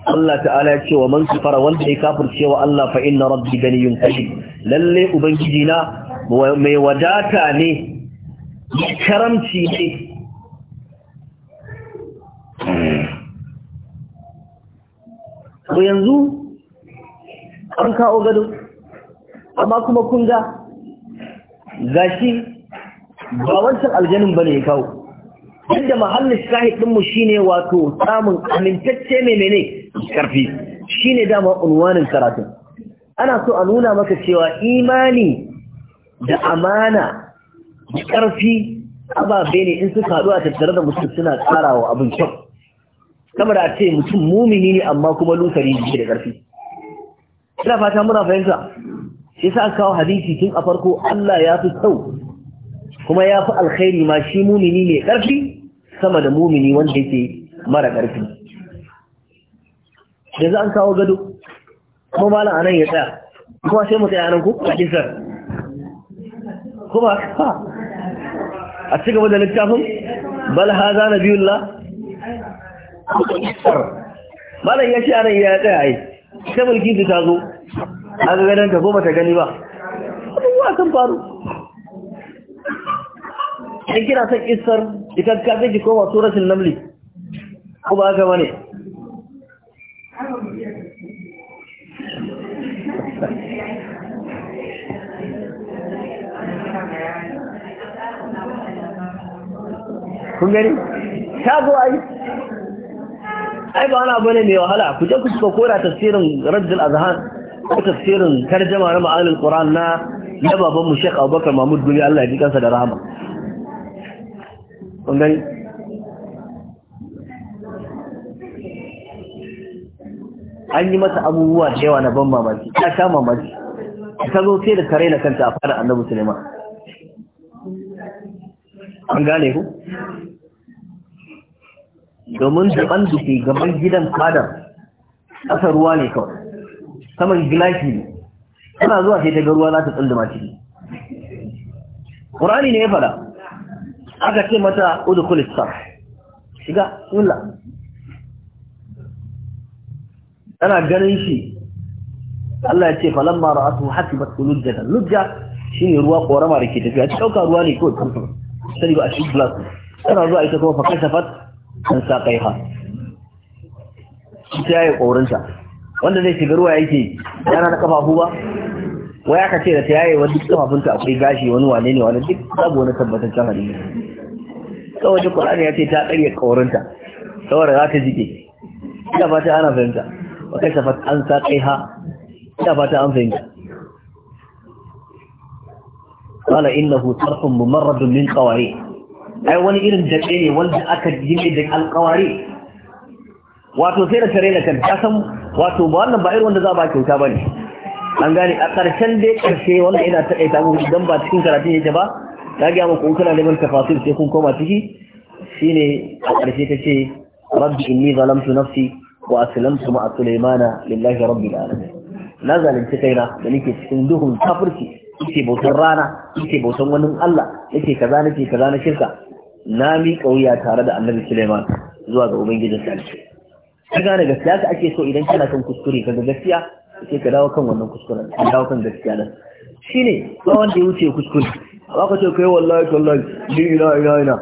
Allah ta'ala ya ce wa man kafara wanda ya kafirce wa Allah fa inna rabbi ganiyun lalle ubangiji na mai wadata ne karamci ne to yanzu an kawo gado amma kuma kun ga gashi ba wancan aljanin ba ne ya kawo inda mahallin shahid ɗinmu shi ne wato samun amintacce mai mene karfi shi ne dama unwanin karatun ana so a nuna maka cewa imani da amana da ƙarfi ababe ne in suka haɗu a tattare da mutum suna ƙarawa abin kyau kamar a ce mutum mumini ne amma kuma lusari ne da ƙarfi ina fata muna fahimta shi sa kawo hadisi tun a farko Allah ya fi sau kuma ya fi alkhairi ma shi mumini ne ƙarfi sama da mumini wanda yake mara ƙarfi yanzu an kawo gado kuma malam anan ya tsaya kuma sai mu tsaya nan ko a kisar kuma a ci gaba da littafin bal haza na nabiyullah malam ya ce ana yi ya tsaya ta mulki su ta zo a ga ganin ta ko bata gani ba abubuwa kan faru in kira son isar ita ka zai ki koma suratul namli ko ba haka wane kun gani ta zo yi ai ba wani ne mai wahala ku je ku suka kora tafsirin rajul azhan ko tafsirin tarjama na ma'anin qur'an na ya baban mu shek Abubakar Mahmud Gumi Allah ya ji kansa da rahama an yi masa abubuwa da yawa na ban mamaki ta sha mamaki ta zo sai da kare na kanta a fara annabi Suleiman an gane ku domin da da ke gaban gidan fadar ƙasa ruwa ne kawai saman gilashi ne tana zuwa sai daga ruwa za ta tsunduma ciki ƙurani ne ya fada aka ce mata udukulis kulista shiga tsula tana ganin shi Allah ya ce asu haka ba su lujja ne ruwa ƙorama da ke tafiya ta ɗauka ruwa ne kawai tantance sai ba a shi glass tana zuwa ita kuma fa kashafat an sa kai ha shi yayi ƙorinta wanda zai shiga ruwa yake yana da kafafu ba wai aka ce da ta yayi wani ta akwai gashi wani wane ne wani duk babu wani tabbataccen hali kawai da Qur'ani ya ce ta ƙarya ƙorinta saboda za ta jike ina fata ana fahimta wa kai safa an sa kai ha ina fata an fahimta قال innahu صرف mumarradun min qawari' ai wani irin daɗe ne wanda aka yi ne da alƙawari wato sai da tare da kan ta san wato ba wannan ba irin wanda za ba kyauta ba ne an gane a ƙarshen dai ƙarshe wanda ina taƙaita muku idan ba cikin karatun yake ba ta gaya muku kuna neman tafasir sai kun koma ciki shine a ƙarshe ta ce rabbi inni zalamtu nafsi wa aslamtu ma'a sulaimana lillahi rabbil alamin na zalunci kaina da nake cikin duhun kafirci yake bautan rana yake bautan wani Allah yake kaza nake kaza na shirka na miƙa wuya tare da annabi Suleiman zuwa ga ubangijin sarki ka gane gaskiya ka ake so idan kana kan kuskure ka ga gaskiya sai ka dawo kan wannan kuskuren ka dawo kan gaskiya nan shine ba wanda ya wuce kuskure ba ka ce kai wallahi wallahi ni ina ina ina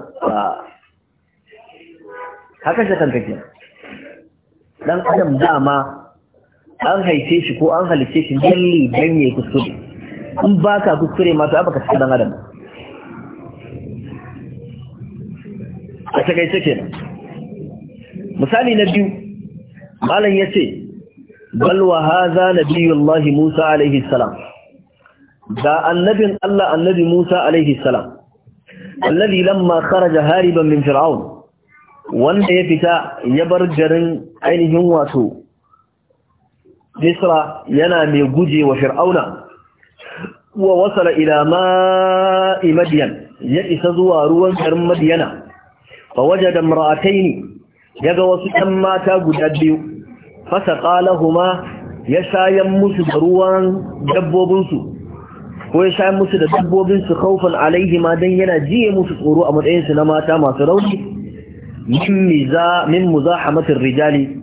haka shi kanka ke dan adam dama an haife shi ko an halice shi dalli dan yayi kuskure in baka kuskure ma to baka san dan adam a takaice kenan misali na biyu malam ya ce balwa haza nabiyullahi musa alaihi salam da annabin allah annabi musa alaihi salam alladhi lamma kharaja hariban min fir'aun wanda ya fita ya bar garin ainihin wato misra yana mai guje wa fir'auna wa wasala ila ma'i madiyan ya isa zuwa ruwan garin madiyana fa wajada imra'atayn yaga wasu ɗan mata guda biyu fasaqa lahumā ya sayan musu da ruwan dabbobinsu ko ya sayan musu da dabbobinsu alaihi ma dan yana jiye musu tsoro a matsayinsu na mata masu rauni min muzahamatin rijali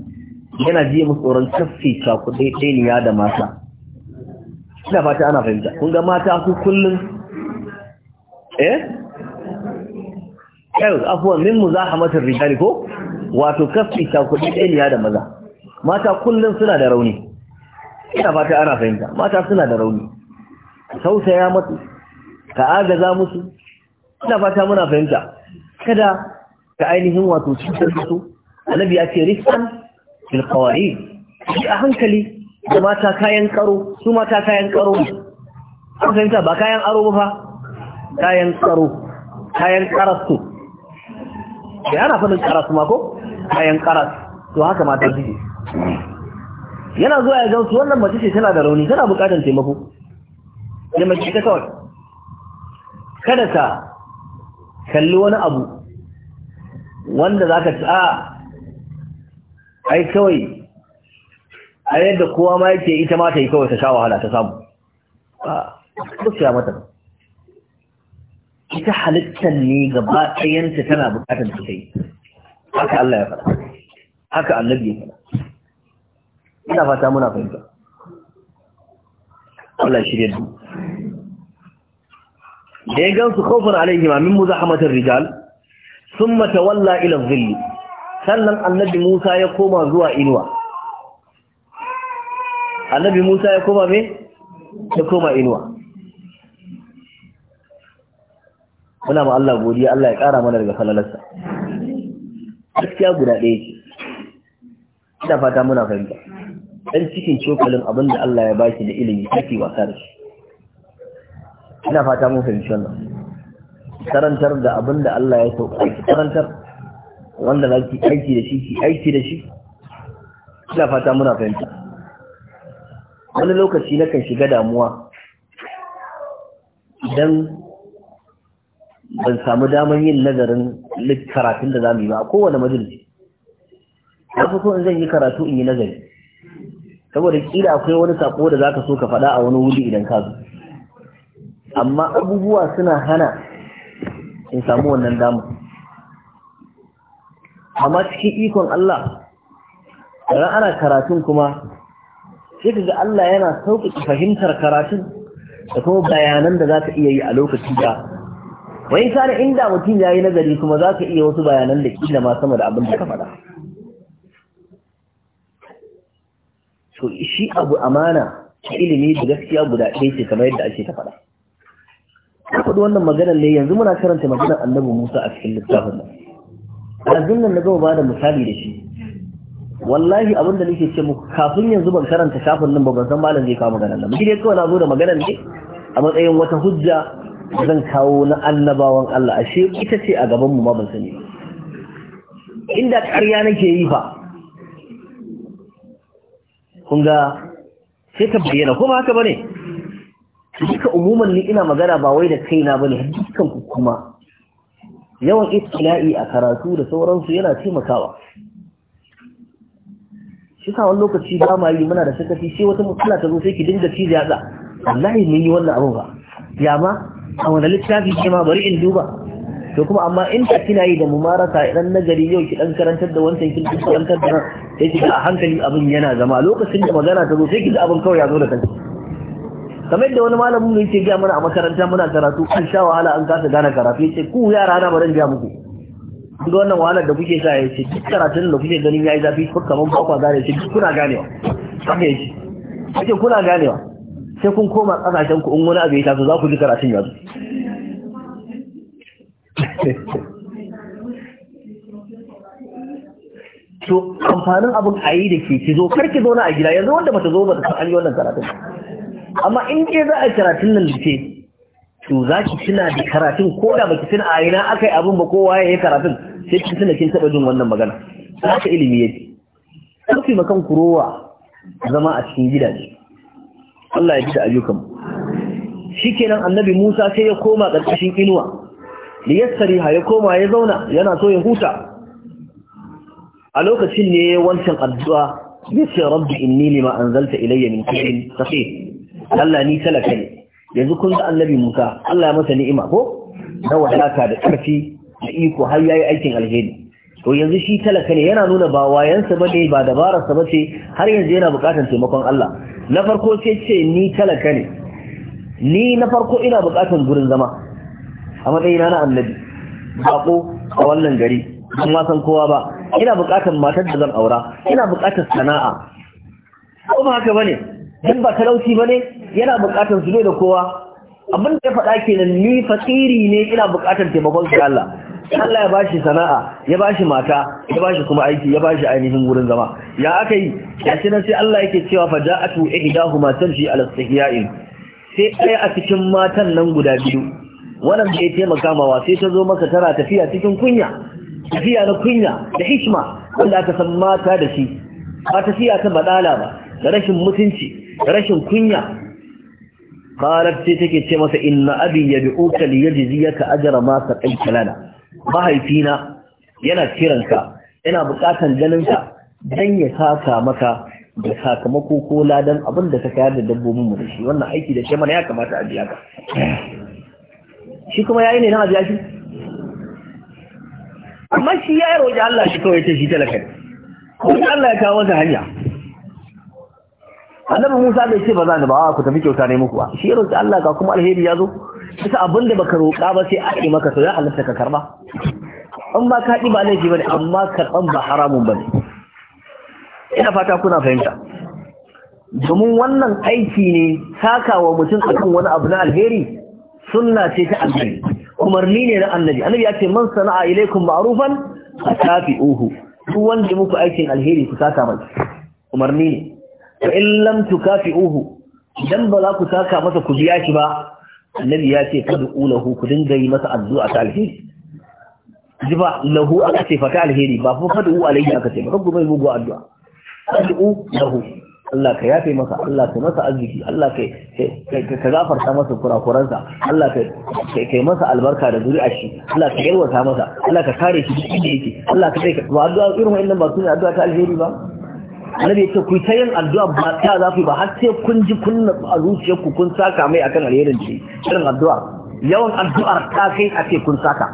yana jiye musu tsoron tafsi cakuɗe ɗaniya da mata ina fata ana fahimta kun ga mata su kullum eh kai afwan min muzahamatir rijali ko wato kafi ta kudi ɗaya da maza mata kullum suna da rauni ina fata ana fahimta mata suna da rauni tausaya mutu ka agaza musu ina fata muna fahimta kada ka ainihin wato cutar su annabi ya ce rifan fil shi a hankali da mata kayan karo su mata kayan karo an fahimta ba kayan aro ba fa kayan karo kayan karasu da yana sanin karas ma ko bayan karas to haka mata suke yana zuwa ya wannan mace ce tana da rauni tana bukatar taimako ya mace ta kawai kada ta kalli wani abu wanda za ka ci ai kawai a yadda kowa ma yake ita ma ta yi kawai ta sha wahala ta samu a kusurya mata ita halittar ne gaba ɗayanta tana buƙatar ta kai haka Allah ya faɗa haka annabi ya faɗa ina fata muna fahimta Allah shirya da da ya su kofar alaihima min mu zahamatar rijal sun walla ila zilli sannan annabi Musa ya koma zuwa inuwa annabi Musa ya koma me? ya koma inuwa muna ma Allah godiya Allah ya ƙara mana daga falalarsa gaskiya guda ɗaya ce ina fata muna fahimta ɗan cikin cokalin abin da Allah ya baki da ilimi kake wasa da shi ina fata mun fahimci wannan karantar da abin da Allah ya sauka ki karantar wanda za ki aiki da shi ki aiki da shi ina fata muna fahimta wani lokaci nakan shiga damuwa idan ban samu daman yin nazarin karatun da za mu yi ba a kowane majalisi a so in zan yi karatu in yi nazari saboda kila akwai wani sako da zaka so ka faɗa a wani wuri idan ka zo amma abubuwa suna hana in samu wannan damar amma cikin ikon Allah idan ana karatun kuma sai ka ga Allah yana sauƙaƙe fahimtar karatun da kuma bayanan da za ta iya yi a lokaci da wai Sani inda mutum ya yi nazari kuma za ka iya wasu bayanan da kila ma sama da abin da ka faɗa to shi abu amana ilimi da gaskiya guda ɗaya ce kamar yadda ake ta faɗa ka faɗi wannan maganar ne yanzu muna karanta maganar annabi musa a cikin littafin nan ɗazin nan na gama ba da misali da shi wallahi abin da nake ce muku kafin yanzu ban karanta shafin nan ba ban san malam zai kawo maganar nan mu kawai na zo da maganar ne a matsayin wata hujja zan kawo na annabawan Allah ashe ita ce a gabanmu mu ma ban sani inda ƙarya nake yi fa kun ga sai ta bayyana kuma haka bane duka umuman ni ina magana ba wai da kaina bane dukkan ku kuma yawan istila'i a karatu da sauransu yana taimakawa shi ka wani lokaci ba ma yi muna da sakaci sai wata matsala ta zo sai ki dinga ci da wallahi mun yi wannan abu ba ya ma a wani littafi ce ma bari in duba to kuma amma in ta kina yi da mumarasa idan nazari yau ki dan karantar da wancan kin kin karantar da sai ki ga a hankali abin yana zama lokacin da magana ta zo sai ki ga abin kawai ya zo da kanki kamar yadda wani malamin mu yake ga mana a makaranta muna karatu an sha wahala an kasa gane karatu yace ku yara na bari ga muku duk wannan wahalar da kuke sa yace duk karatun da kuke ganin yayi zafi ko kamar ba kwa gane shi kuna ganewa haka yace kuna ganewa sai kun koma kasashen ku in wani abu ya taso za ku ji karatun yanzu to amfanin abin a yi da ke ki zo kar ki zauna a gida yanzu wanda mata zo ba ta an yi wannan karatun amma in ke za a yi karatun nan da ke to za ki tuna da karatun ko da baki tuna a na aka yi abin ba kowa ya yi karatun sai ki tuna kin taɓa jin wannan magana za ka ilimi yake. ma makan kurowa zama a cikin gidaje. Allah ya ji da ayyukanmu kenan annabi Musa sai ya koma ƙarƙashin inuwa liyassariha ya koma ya zauna yana so ya huta a lokacin ne wancan addu'a ya ce rabbi inni lima anzalta ilayya min khairin faqir Allah ni talaka ne yanzu kun ga annabi Musa Allah ya masa ni'ima ko na wadata da ƙarfi da iko har yayi aikin alheri to yanzu shi talaka ne yana nuna ba wayansa ba ne ba dabararsa ba ce har yanzu yana bukatar taimakon Allah na farko sai ce ni talaka ne ni na farko ina bukatar gurin zama a matsayina na annabi bako a wannan gari ban ma san kowa ba ina bukatar matar da zan aura ina bukatar sana'a ko ba haka bane dan ba talauci bane yana bukatar su da kowa abin da ya faɗa kenan ni fasiri ne ina bukatar taimakon Allah Allah ya bashi sana'a ya bashi mata ya bashi kuma aiki ya bashi ainihin wurin zama ya aka yi yashi nan sai Allah yake cewa fa ja'atu ihdahuma tamshi ala istihya'in sai ɗaya a cikin matan nan guda biyu wannan da ya taimaka mawa sai ta zo maka tana tafiya cikin kunya tafiya na kunya da hikima wanda aka san mata da shi ba tafiya ta badala ba da rashin mutunci da rashin kunya qalat sai take ce masa inna abi yad'uka liyajziyaka ajra ma saqaita lana mahaifina yana kiranka yana bukatan ganinka dan ya saka maka da sakamako ko ladan abin da ka kayar da dabbobin mu da shi wannan aiki da shemana ya kamata a biya ka shi kuma yayi ne na biya shi amma shi ya yaro da Allah shi kawai ta shi talaka ko Allah ya kawo masa hanya annabi Musa bai ce ba za ni ba ku tafi kyauta ne muku ba shi yaro da Allah ga kuma alheri ya zo kusa abin da baka roƙa ba sai a maka to ya halatta ka karba An ba ka ba laifi bane amma karɓan ba haramun ne. ina fata kuna fahimta domin wannan aiki ne sakawa mutum akan wani abu na alheri sunna ce ta alheri umarni ne na annabi annabi ya ce man sana'a ilaikum ma'rufan uhu, duk wanda muku aikin alheri ku saka mai umarni ne To in lam uhu. idan ba za ku saka masa ku biya shi ba annabi ya ce kada lahu, ku dinga yi masa addu'a ta alheri ba lahu aka ce fata alheri ba fa fadu alaihi aka ce ba ku mai mugu addu'a fadu lahu Allah ka yafe masa Allah ka masa arziki Allah ka ka gafarta masa kurakuransa Allah ka kai masa albarka da zuri'a shi Allah ka yalwata masa Allah ka kare shi duk inda yake Allah ka kai ka addu'a irin wannan ba su ne addu'a ta alheri ba annabi ya ce ku ta yin addu'a ba ta za ku ba har sai kun ji kun na a zuciyarku kun saka mai akan alherin ce irin addu'a yawan addu'ar ta kai a ce kun saka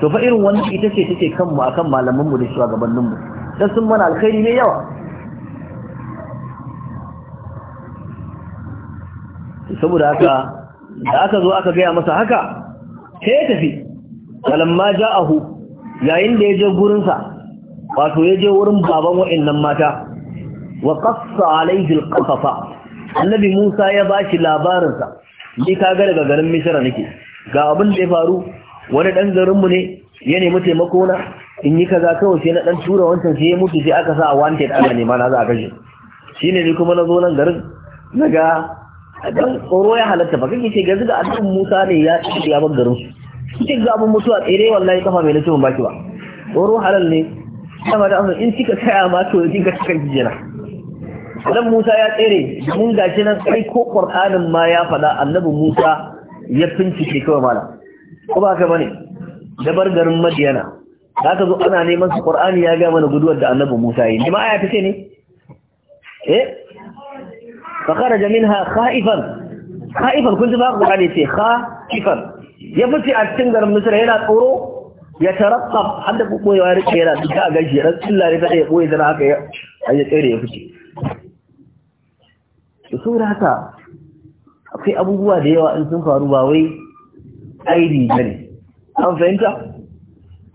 to fa irin wannan ita ce take kanmu akan malaman mu da shugabannin mu dan sun mana alkhairi ne yawa saboda haka da aka zo aka gaya masa haka sai ya tafi kalamma ja'ahu yayin da ya je gurinsa wato ya je wurin baban wa'annan mata wa qassa alaihi alqasafa annabi Musa ya bashi labarin sa ni kaga daga garin Misra nake ga abin da ya faru wani dan garin mu ne ya nemi taimako na in yi kaza kawai sai na dan tura wancan sai ya mutu sai aka sa a wanted ana neman za a kashe shine ni kuma na zo nan garin naga dan tsoro ya halatta ba kake ce ga zuga annabi Musa ne ya ci ya bar garin su kike ga abin mutuwa tsere wallahi kafa mai nace ba baki ba tsoro halal ne kama da in kika kaya ma to cika kika jira dan Musa ya tsere mun shi nan kai ko Qur'anin ma ya fada annabi Musa ya fincike kawai mala ko ba ka bane da bargarin Madiyana zaka zo ana neman su Qur'ani ya ga mana guduwar da annabi Musa yi ma aya ce ne eh fa kharaja minha khaifan khaifan kun ji ba Qur'ani ce kifan ya fice a cikin garin Misra yana tsoro ya tarattab hadda da koyewa ya rike yana duka a gashi ran tsilla ne fada ya koye zana haka ya yi tsere ya fice to da haka akwai abubuwa da yawa in sun faru ba wai aidi ne. an fahimta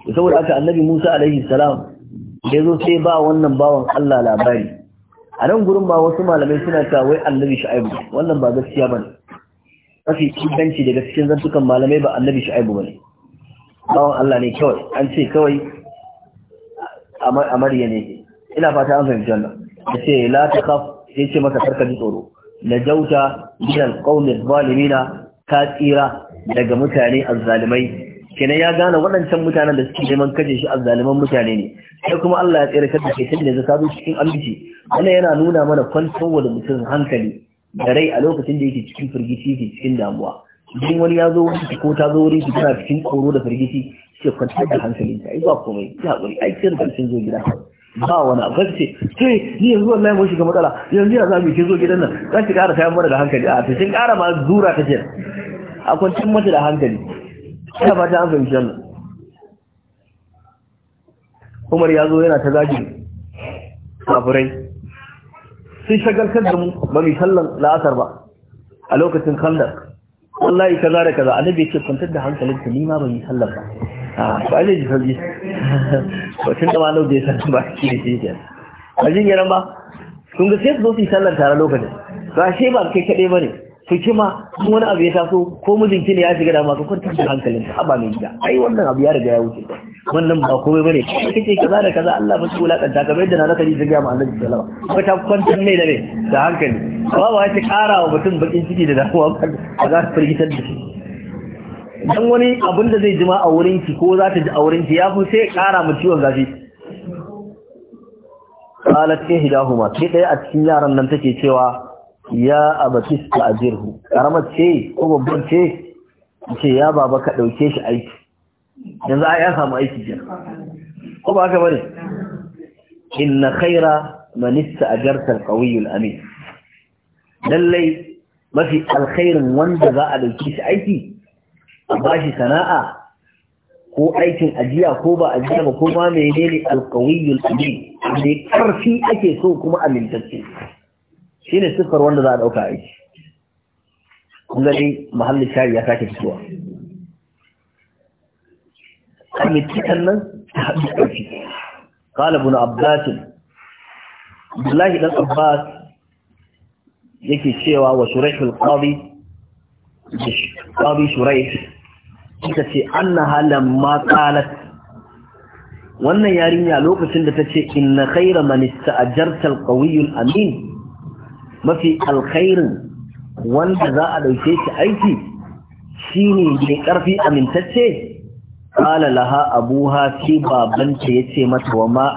to saboda haka annabi Musa alaihi salam ya zo sai ba wannan bawan Allah labari a nan gurin ba wasu malamai suna ta wai annabi shu'aibu wannan ba gaskiya ba ne. mafi inganci daga cikin zantukan malamai ba annabi shu'aibu ne. bawan Allah ne kawai an ce kawai a mariya ne ina fata an fahimci wannan ya ce la ta kaf ya ce masa karka ji tsoro na jauta min alqawmi zalimina ka tsira daga mutane azzalimai kenan ya gane waɗancan mutanen da suke neman kaje shi azzaliman mutane ne sai kuma Allah ya tsira ka da shaitan da zaka zo cikin aminci wannan yana nuna mana kwantar da mutum hankali da rai a lokacin da yake cikin firgici yake cikin damuwa idan wani ya zo wani ko ta zo wuri tana cikin koro da firgici ce kwantar da hankali ta yi ba komai ya haƙuri ai sai da zo gida ba wani abu kace sai ni yanzu wallahi mun shiga matsala yanzu ya zamu ki zo gidan nan za ki ƙara kayan mara da hankali a ta kin ƙara ma zura ta ce. a kwantar mata da hankali ina ba ta an fahimci wannan Umar ya zo yana ta zagi kafirai sun shagaltar da mu ba mai sallan la'asar ba a lokacin kandar. wallahi kaza da kaza annabi ce kwantar da hankalin ni ma ban yi sallar ba a ah, ba zai ji sauki wacin da malau bai sallar ba shi ne shi ke a jin yaran ba kun ga sai su zo su yi sallar tare lokacin ba shi ba kai kaɗai ba ne hikima kuma wani abu ya taso ko mijinki ne ya shiga da masu kwantar da hankalin ta haba mai gida ai wannan abu ya riga ya wuce wannan ba komai bane kace kaza da kaza Allah ba shi wulakanta kamar yadda na zaka ji zagaya ma Annabi sallallahu alaihi wasallam ta kwantar ne da ne da hankali ba ba ya kara wa mutum bakin ciki da damuwa ba za ta firgitar da shi dan wani abin da zai jima a wurin ki ko za ta ji a wurin ki ya fi sai kara mu ciwon zafi qalat ihdahuma sai daya a cikin yaran nan take cewa ya abatis a jirhu karamar ce ko babban ce ce ya baba ka ɗauke shi aiki yanzu a ya samu aiki ke ko ba haka bane inna khaira manista a jartar ƙawiyyul amin lallai mafi alkhairin wanda za a ɗauke shi aiki a bashi sana'a ko aikin ajiya ko ba ajiya ba ko ma ne ne alkawiyyul amin ya ƙarfi ake so kuma amintacce shi ne siffar wanda za a ɗauka aiki kun gani mahallin shari ya sake fitowa kan nan ta haɗu ɗauki ƙalibin abbasin billahi ɗan abbas yake cewa wa shuraihul ƙari da ƙari shuraih suka ce an na halin ma ƙalat wannan yarinya lokacin da ta ce inna khaira man ista'jarta al-qawiyyu al-amin mafi alkhairin wanda za a ɗauke shi aiki shi ne mai ƙarfi amintacce ƙala laha abuha shi babanta ya ce mata wa ma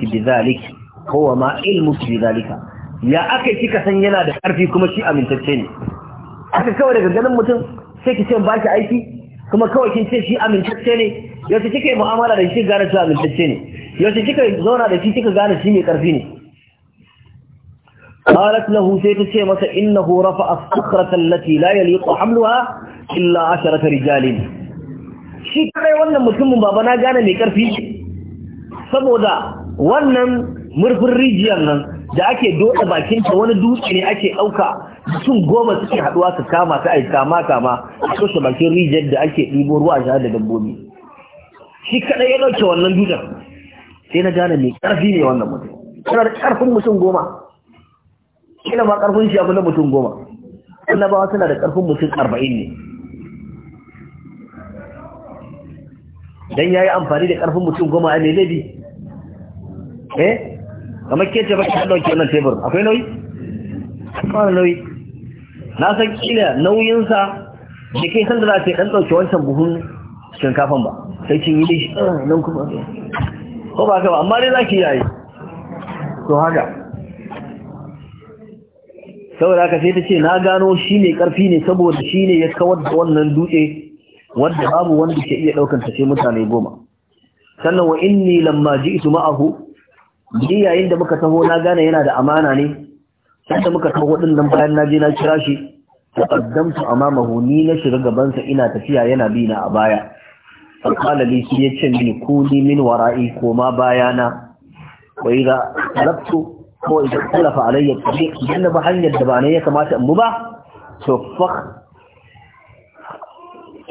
ki bi zalik ko wa ma ilmu ki bi zalika ya aka kika san yana da ƙarfi kuma shi amintacce ne aka kawai daga ganin mutum sai ki ce ba ki aiki kuma kawai kin ce shi amintacce ne yaushe kika yi mu'amala da shi gane shi amintacce ne yaushe kika zauna da shi kika gane shi mai ƙarfi ne قالت له سيتسي مسا إنه رفع الصخرة التي لا يليق حملها إلا عشرة رجال shi كاي wannan mutumin baba na gane mai karfi saboda wannan murfin rijiyar nan da ake doda bakinta wani dutse ne ake dauka mutum goma suke haɗuwa su kama ta aika kama kama su su bakin rijiyar da ake dibo ruwa a da dabbobi shi kada ya ɗauke wannan dutsen sai na gane mai karfi ne wannan mutum Kana da ƙarfin mutum goma kila ma karfin shi abu na mutum goma annabawa suna da karfin mutum arba'in ne ya yi amfani da karfin mutum goma a mai laifi eh kamar ke ce ba ki wannan tebur akwai nauyi akwai nauyi na san kila nauyinsa da kai san da za ta dan ɗauki wancan buhun shinkafan ba sai kin yi shi ah, nan kuma ko ba ka ba amma dai ki yayi to haka saboda ka sai ta ce na gano shi ne ƙarfi ne saboda shi ne ya kawar da wannan dutse wanda babu wanda ke iya ɗaukan ta ce mutane goma sannan wa inni lamma isu ma'ahu ni yayin da muka taho na gane yana da amana ne sai muka taho din nan bayan na je na kira shi a amamahu ni na shiga gabansa ina tafiya yana bi na a baya qala li shi yace mini kuni min wara'i koma bayana na idha talabtu ko idan talafa alayya tabi idan na ba hanyar da ba ne ya kamata in bu ba to fa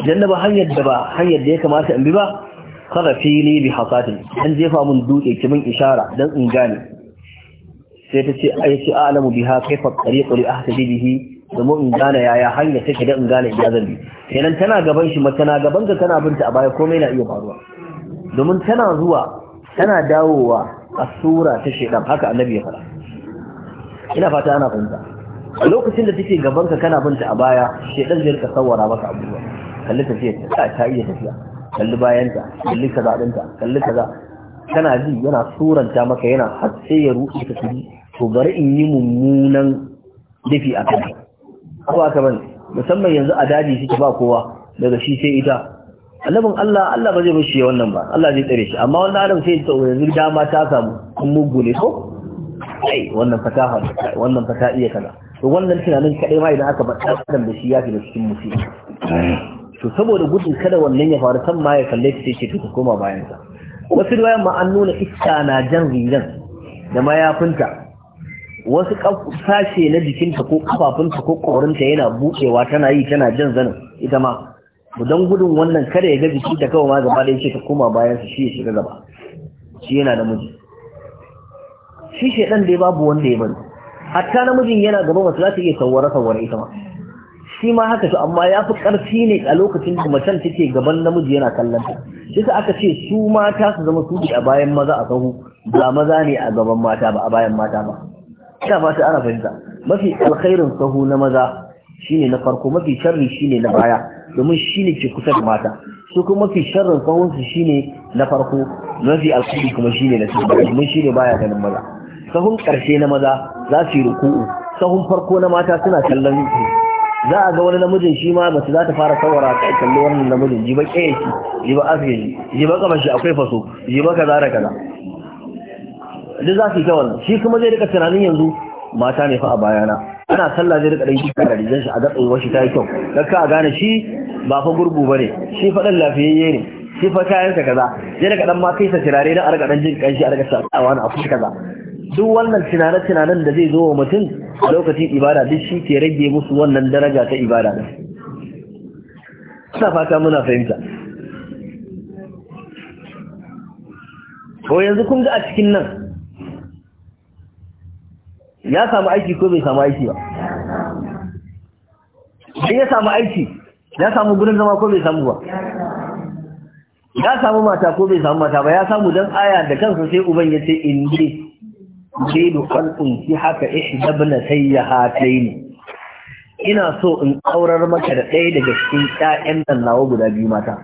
idan na ba hanyar da ba hanyar da ya kamata in bi ba kada fili bi hasatin an jefa mun duke kimin ishara dan in gane sai ta ce ai shi alamu biha kaifa tariqu li ahtadi bihi domin in gane yaya hanya take da in gane ya zan bi kenan tana gaban shi mace na gaban ka tana binta a baya komai na iya faruwa domin tana zuwa tana dawowa asura ta shaidan haka annabi ya fara ina fata ana fahimta a lokacin da take gaban ka kana binta a baya shaidan zai rika sawara maka abubuwa kalli ta tafiya ta ta iya tafiya kalli bayanta kalli kaza dinta kalli kaza kana ji yana suranta maka yana har sai ya ruɗe ka to bari in yi mummunan dafi a kai ko aka bani musamman yanzu a daji shi ba kowa daga shi sai ita annabin Allah Allah ba zai mishi wannan ba Allah zai tsare shi amma wannan adam sai ta oh, yanzu dama ta samu kun mugu ne ko ai wannan fataha wannan fata iya kana to wannan tunanin kadai ma idan aka bada adam da shi ya fi da cikin mutum to saboda gudun kada wannan ya faru san ma ya kalle shi sai ce ta koma bayan sa wasu ruwayan ma an nuna iska na jan rigan da mayafinta wasu sashe na jikinta ko kafafunta ko korinta yana bukewa tana yi tana jan zanin ita ma Mu don gudun wannan kada ya gaji jiki da kawai ma gaba da yake ta koma bayan su shi ya shiga gaba shi yana da miji shi shedan dai babu wanda ya bari hatta namijin yana gaba masu za su iya sauwara sauwara ita ma shi ma haka su amma ya fi ƙarfi ne a lokacin da macen take gaban namiji yana kallon ta shi aka ce su mata su zama su a bayan maza a sahu ba maza ne a gaban mata ba a bayan mata ba ba ta ana fahimta mafi alkhairin sahu na maza shine na farko mafi sharri shine na baya domin shi ne ke kusa da mata su kuma mafi sharrin kawunsu shi ne na farko mafi alkhairi kuma shi ne na cikin domin shi ne baya ganin maza sahun karshe na maza za su yi ruku'u sahun farko na mata suna kallon su za a ga wani namijin shi ma mace za ta fara saurara ta kalli wannan namijin ji ba ƙeyaci ji ba asiri ji ba kamashi akwai faso ji ba kaza da kaza duk za su yi ta wannan shi kuma zai rika tunanin yanzu mata ne fa a bayana ana sallah zai rika ɗanki kan garijan shi a ga tsayuwar shi ta yi kyau dakka a gane shi ba fa gurgu ba ne shi faɗin lafiyayye ne shi fa ka kaza zai rika ɗan ma kai sa turare don a rika ɗan jin ƙanshi a rika a na akwai kaza duk wannan tunane-tunanen da zai zo wa mutum a lokacin ibada duk shi ke rage musu wannan daraja ta ibada ne. Ina fata muna fahimta. Ko yanzu kun ga a cikin nan ya samu aiki ko bai samu aiki ba sai ya samu aiki ya samu gurin zama ko bai samu ba ya samu mata ko bai samu mata ba ya samu dan aya da kansa sai uban ya ce in ne jidu an unki haka ihdabna ni. ina so in aurar maka da ɗaya daga cikin ƴaƴan nan nawa guda biyu mata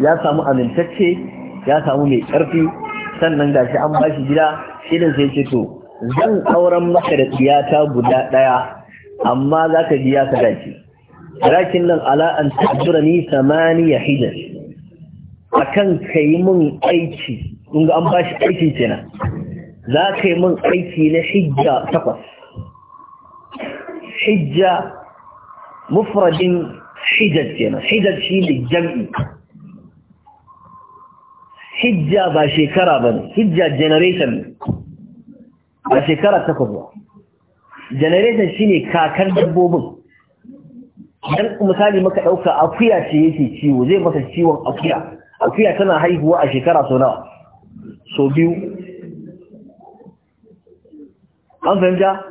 ya samu amintacce ya samu mai ƙarfi sannan gashi an bashi gida shi sai ce to zan auren maka da tiyata guda ɗaya amma za ka biya gaji rakin nan ala an tajura ni samaniya hijir a kan ka yi min aiki in an ba shi aiki kenan za ka yi min aiki na hijja takwas hijja mufradin kenan shi ne jam'i hijja ba shekara ba ne hijja generation ba shekara ta ba generation shine kakar dabbobin dan misali maka ɗauka akuya ce yake ciwo zai masa ciwon akuya akuya tana haihuwa a shekara so nawa so biyu an fahimta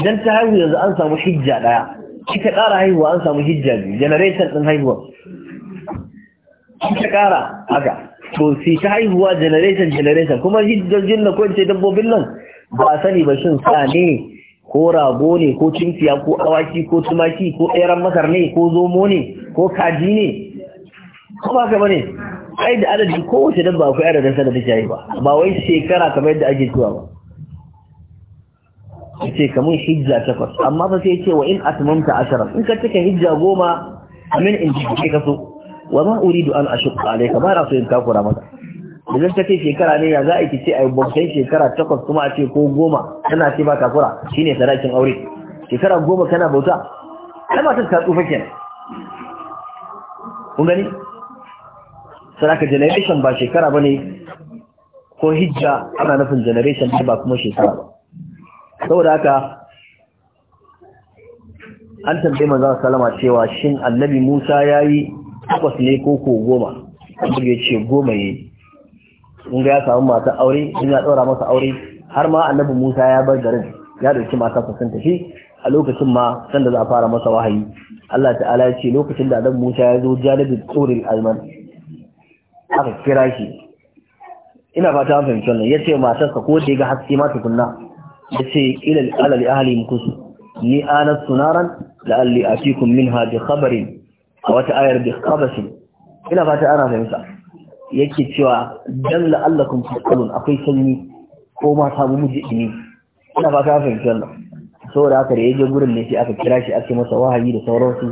idan ta haihu yanzu an samu hijja ɗaya kika ƙara haihuwa an samu hijja biyu generation ɗin haihuwa kika ƙara haka to sai ta haihuwa generation generation kuma hiddojin na kwance dabbobin nan ba sani ba shin sa ne ko rago ne ko cinkiya ko awaki ko tumaki ko tseren masar ne ko zomo ne ko kaji ne ko ba ka bane ai da adadi kowace dabba akwai adadin sa da take ba ba wai shekara kamar yadda ake cewa ba ce kamun hijja takwas amma fa sai ce wa in atmamta ashara in ka cika hijja goma amin in ji ka so wa ma uridu an ashqa alayka ba ra so in takura maka idan ta shekara ne ya za a yi ce a yi shekara takwas kuma a ce ko goma tana ce ba takura shine sadakin aure shekara goma kana bauta ai matar ta tsufa kenan kun gani sadaka generation ba shekara ba ne ko hijja ana nufin generation ba kuma shekara ba saboda haka an tambaye manzo sallama cewa shin annabi Musa yayi takwas ne ko ko goma wanda ya ce goma ya yi in ga ya samu mata aure in ya ɗora masa aure har ma annabi musa ya bar garin ya ɗauki mata sun tafi a lokacin ma sanda za a fara masa wahayi Allah ta'ala ya ce lokacin da annabi musa ya zo janibin tsorin alman aka kira shi ina fata an fahimci wannan ce matarsa ko da ga haske ma tukunna ce ilal alal ahli mukus ni anar sunaran la alli atikum min khabarin a wata ayar bi qabashin ina fata ana fahimta yake cewa dan kun taqulun akwai sanyi ko ma samu miji ne ina fata fahimta wannan saboda haka da yaje gurin ne sai aka kira shi ake masa wahayi da sauransu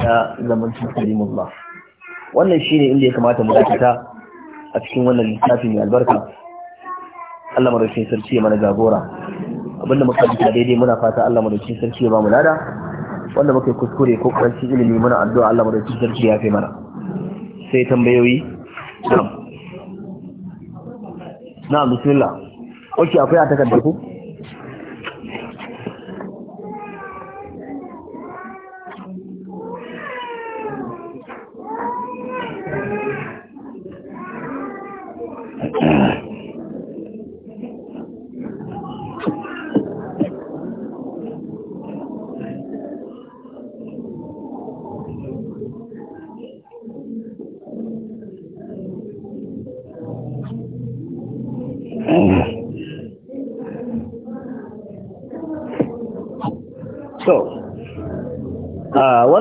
ya zaman su kalimullah wannan shine inda ya kamata mu dakata a cikin wannan littafi mai albarka Allah madaukakin sarki ya mana jagora abinda muka daidai muna fata Allah madaukakin sarki ya ba mu lada wanda muka kuskure ko karanci ilimi muna addu'a Allah cikin sarki ya kai mana sai tambayoyi na na'am bismillah okay akwai a takardar ku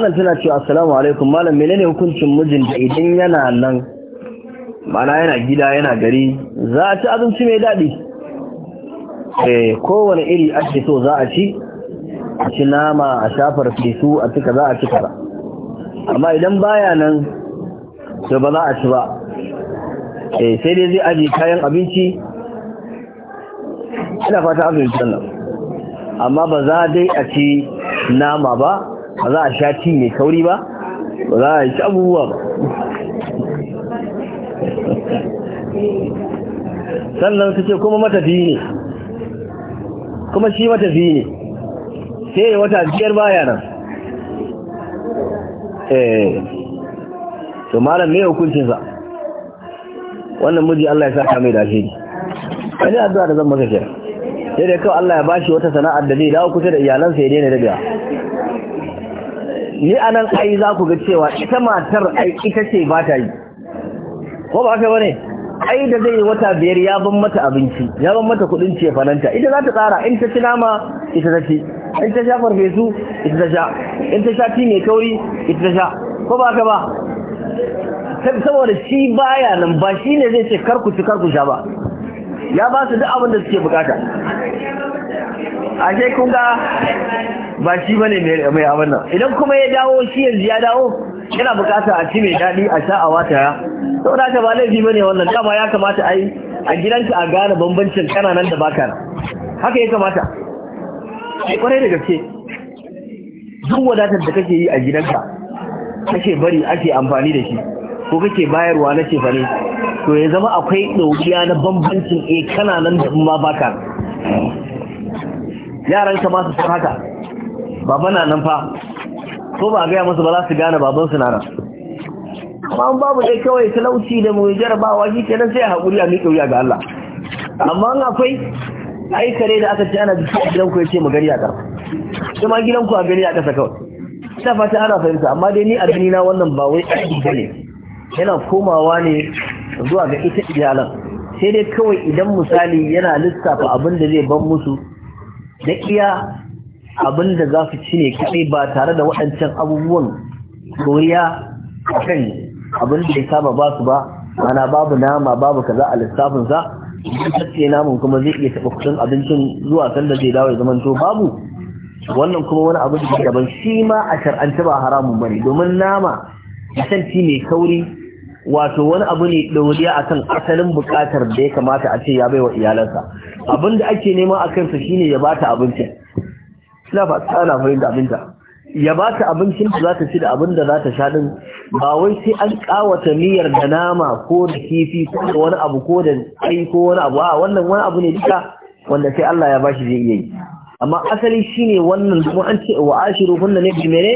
malam tana cewa assalamu alaikum malam menene hukuncin mijin da idan yana nan mana yana gida yana gari za a ci abinci mai daɗi eh kowane iri ake so za a ci a ci nama a shafar fesu a cika za a ci kara amma idan baya nan to ba za a ci ba eh sai dai zai aje kayan abinci ina fata abin nan amma ba za dai a ci nama ba ba za a sha ci mai kauri ba ba za a yi abubuwa ba sannan su ce kuma matafi ne kuma shi matafi ne sai yi wata biyar baya nan eh to malam ne hukuncinsa wannan muji Allah ya saka mai dace ne wani addu'a da zan maka shi sai dai kawai Allah ya bashi wata sana'ar da zai dawo kusa da iyalansa ya daina daga ni anan ai za ku ga cewa ita matar ai ita ce ba ta yi ko ba haka bane ai da zai wata biyar ya ban mata abinci ya ban mata kudin fananta ita za ta tsara in ta ci nama ita ta ci in ta sha farfesu ita ta sha in ta sha ti mai kauri ita ta sha ko ba haka ba saboda shi baya nan ba shi ne zai ce karku ci karku sha ba ya ba su duk abin da suke bukata ake kunga ba shi bane mai abin nan idan kuma ya dawo shi yanzu ya dawo yana bukata a ci mai daɗi a sha a wata ya da ta ba laifi ne wannan dama ya kamata yi a gidanka a gane bambancin kana da baka na, haka ya kamata ai kwarai da gaske duk wadatar da kake yi a gidanka kake bari ake amfani da shi ko kake bayarwa na cefane to ya zama akwai ɗauriya na bambancin eh kana da ma baka yaran ka su san haka baba na nan fa ko ba gaya musu ba za su gane baban su nana? nan amma an babu dai kawai talauci da mai jarabawa shi kenan sai a haƙuri a miƙa wuya ga Allah amma akwai ai da aka ce ana biki a gidanku ya ce mu gari a ƙasa shi ma gidanku a gari a ƙasa kawai ta fata ana fahimta amma dai ni a na wannan ba wai aiki bane yana komawa ne zuwa ga ita iyalan sai dai kawai idan misali yana lissafa abin da zai ban musu da iya abin da za su ci ne kaɗai ba tare da waɗancan abubuwan koriya a kan abin da ya saba ba su ba mana babu nama babu kaza a lissafinsa idan tattiye namun kuma zai iya taɓa kuɗin abincin zuwa sanda zai dawo ya zama babu wannan kuma wani abu da daban shi ma a shar'anci ba haramun bane domin nama musanci mai kauri wato wani abu ne ɗoriya akan asalin buƙatar da ya kamata a ce ya bai wa iyalansa abin da ake nema a kansa shine ya ba ta abincin. suna fata na fahimta abinta ya ba ta abincin da za ta ci da abin da za ta sha din ba wai sai an kawata miyar da nama ko da kifi ko da wani abu ko da ai ko wani abu a wannan wani abu ne duka wanda sai Allah ya bashi zai iya yi amma asali shine wannan kuma an ce wa ashiru kunna ne bi mene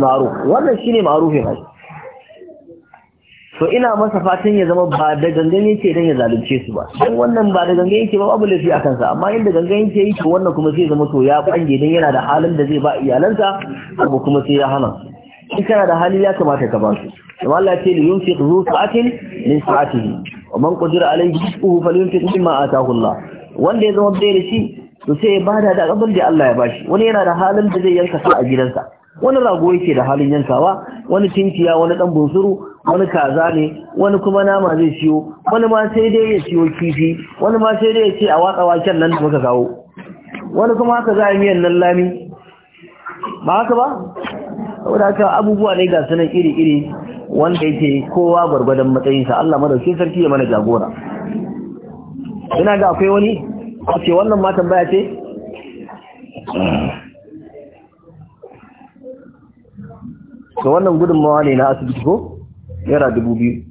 ma'ruf wannan shine ma'rufin ai so ina masa fatan ya zama ba da gangan yake dan ya zalunce su ba dan wannan ba da gangan yake ba babu a kansa amma inda gangan yake yi to wannan kuma sai zama to ya bange dan yana da halin da zai ba iyalansa abu kuma sai ya hana kana da hali ya kamata ka ba su amma Allah ce yunfiq zu sa'atin min sa'atihi wa man qadira alayhi rizquhu falyunfiq mimma ataahu Allah wanda ya zama bai da shi to sai ya bada da abin da Allah ya bashi wani yana da halin da zai yanka sa a gidansa wani rago yake da halin yankawa wani tinkiya wani dan bunsuru wani kaza ne wani kuma nama zai siyo wani ma sai dai ya siyo kifi wani ma sai dai ya ce a watsa waken nan da muka kawo wani kuma haka za a miyan nan lami ba haka ba saboda haka abubuwa ne ga sunan iri-iri wanda yake kowa gwargwadon matsayinsa Allah madauki sarki ya mana jagora ina ga akwai wani a ce wannan ma baya ce to wannan gudunmawa ne na asibiti ko naira dubu biyu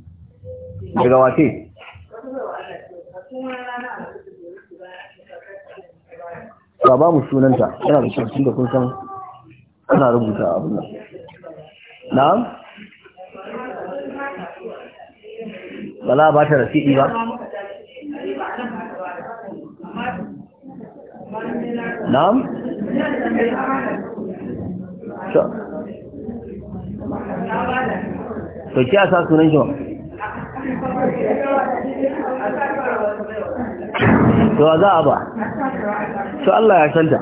daga wace ba mu sunanta yana da shi da kun san ana rubuta abin nan na'am ba ba ta rasidi ba na'am to ki a sa sunan shi to za a ba to Allah ya shanta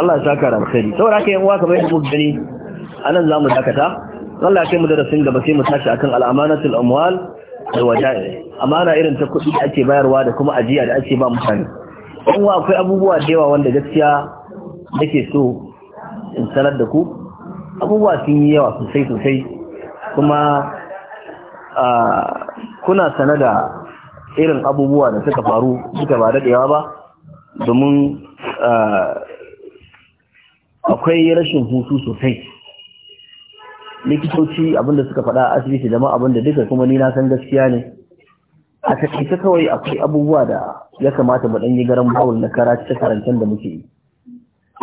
Allah ya saka rabsari to haka yan uwa kamar yadda kuka gani anan zamu dakata Allah ya kai mu da rasin gaba sai mu tashi akan al-amanatul amwal da wajai amana irin ta kuɗi da ake bayarwa da kuma ajiya da ake ba mutane yan uwa akwai abubuwa da yawa wanda gaskiya nake so in sanar da ku abubuwa sun yi yawa sosai sosai kuma kuna sane da irin abubuwa da suka faru suka ba daɗewa ba domin akwai rashin hutu sosai likitoci abinda suka faɗa a asibiti da ma abinda duka kuma ni na san gaskiya ne a takaice kawai akwai abubuwa da ya kamata mu ɗan yi garan bawul na karatu karancen da muke yi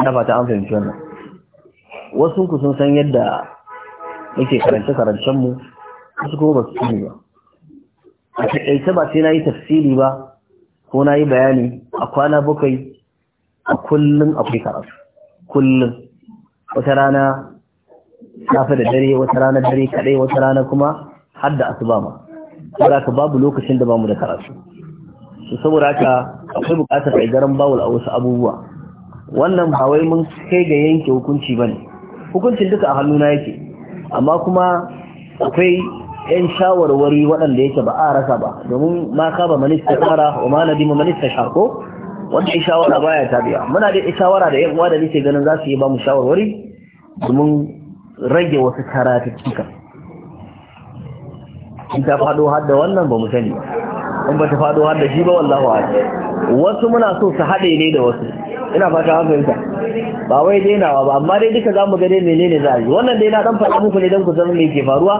na fata an fahimci wannan wasu ku sun san yadda muke karance karancen mu su kuma basu su ba a taƙaice ba sai na yi tafsiri ba ko na yi bayani a kwana bakwai a kullum akwai karatu kullum wata rana safe da dare wata rana dare kaɗai, wata rana kuma har da asuba ma saboda ka babu lokacin da bamu da karatu su saboda haka akwai bukatar a garan bawul a wasu abubuwa wannan ba wai mun kai ga yanke hukunci ba ne. hukuncin duka a hannuna yake amma kuma akwai yan shawarwari waɗanda yake ba a rasa ba domin ma ka ba manista tsara wa ma nadima manista shako wanda ya shawara baya tabiya muna da shawara da yan uwa da nake ganin za su yi ba mu shawarwari domin rage wasu cika in ta faɗo har da wannan ba mu sani in ba ta faɗo har da shi ba wallahu wasu muna so su haɗe ne da wasu ina fata haka ba wai dainawa ba amma dai duka zamu ga dai menene za a yi wannan dai na dan faɗa muku ne dan ku zama mai ke faruwa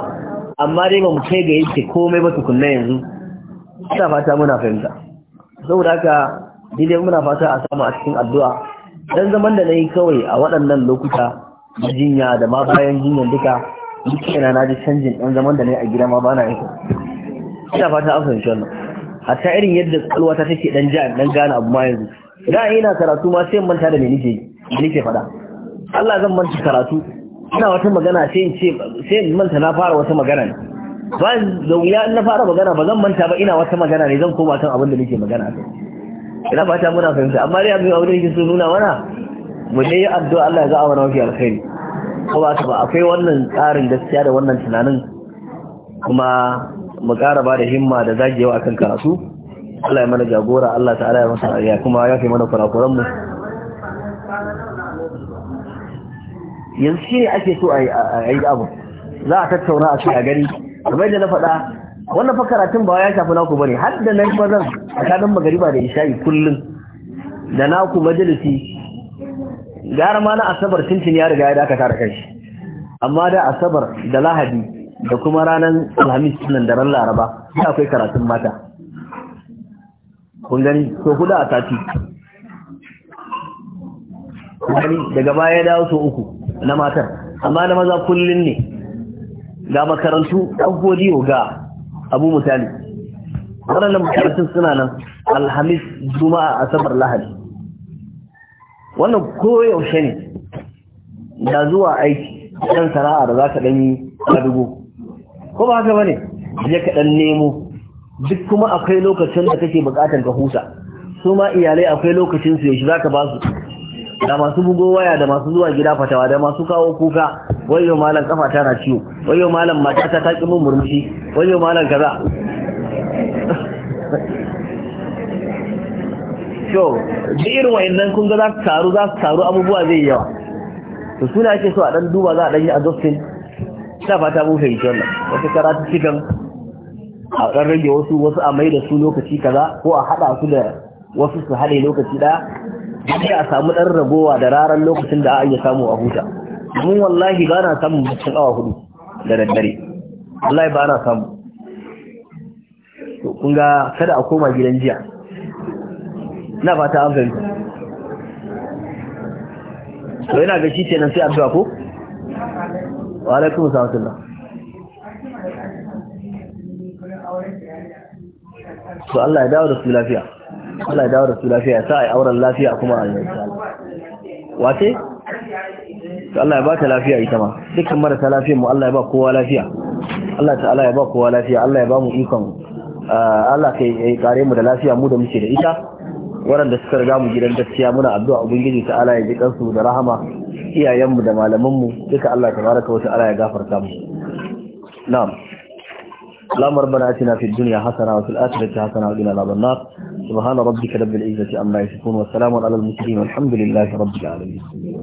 amma dai ba mu kai ga yake komai ba tukunna yanzu ina fata muna fahimta saboda haka dai muna fata a samu a cikin addu'a dan zaman da nayi kawai a waɗannan lokuta na jinya da ma bayan jinyan duka duka na ji canjin dan zaman da nayi a gida ma bana yin ina fata an fahimci wannan hatta irin yadda kalwata take dan ja dan gane abu ma yanzu da ina karatu ma sai manta da me nake yi nake faɗa Allah zan manta karatu ina wata magana sai in ce sai manta na fara wata magana ne ba da wuya na fara magana ba zan manta ba ina wata magana ne zan koma kan abin da nake magana kai ina fata muna fahimta amma dai abin abin da yake so nuna mana mu dai yi addu'a Allah ya ga wani mafi alkhairi ko ba ba akwai wannan tsarin gaskiya da wannan tunanin kuma mu ƙara ba da himma da zagewa akan karatu Allah ya mana jagora Allah ta'ala ya masa ya kuma ya fi mana kurakuran mu yanzu shi ne ake so a yi abu za a tattauna a ce a gari kamar da na faɗa wannan fa karatun ba ya shafi naku bane har da nan bazan a kadan magariba da isha'i kullum da naku majalisi gara ma na asabar tintin ya riga ya dakata da kai amma da asabar da lahadi da kuma ranar alhamis nan da ran laraba akwai karatun mata kun gani so hudu a sati gani daga baya ya dawo so uku na matar amma na maza kullun ne ga makarantu ɗan godiyo ga abu misali waɗannan makarantun suna nan alhamis juma'a asabar lahadi wannan koyaushe ne da zuwa aiki ɗan sana'a da za ka yi a dubu ko ba haka ba ne je ka ɗan nemo duk kuma akwai lokacin da kake bukatan ka huta su ma iyalai akwai lokacin su za ka ba su da masu bugo waya da masu zuwa gida fatawa da masu kawo kuka wayo malam kafa ta na ciwo wayo malam mata ta ta mun murmushi wayo malam kaza to duk irin wayannan kun ga za su taru za su taru abubuwa zai yawa to suna ake so a dan duba za a dan yi adoption ina fata mun fahimci wannan wata karatu cikin a ɗan rage wasu wasu a mai da su lokaci kaza ko a haɗa su da wasu su haɗe lokaci ɗaya sai a samu ɗan ragowa da raran lokacin da a iya samu a huta mun wallahi ba na samun baccin awa hudu da daddare wallahi ba na samu to kun ga kada a koma gidan jiya na fata an amfani to yana ga shi nan sai addu'a ko wa alaikum assalam to Allah ya dawo da su lafiya Allah ya dawo da su lafiya ya sa ai auren lafiya kuma a yanzu wace to Allah ya ba ta lafiya ita ma dukkan marasa lafiyar mu Allah ya ba kowa lafiya Allah ta'ala ya ba kowa lafiya Allah ya ba mu ikon ah, Allah kai ya kare mu da lafiya mu da muke da ita waɗanda suka riga mu gidan gaskiya muna addu'a ubangiji ta'ala ya ji kansu da rahama iyayenmu da malamanmu duka Allah tabaraka wa ta'ala ya gafarta mu na'am اللهم ربنا اتنا في الدنيا حسنه وفي الاخره حسنه وقنا عذاب النار سبحان ربك رب العزه عما يصفون وسلام على المرسلين والحمد لله رب العالمين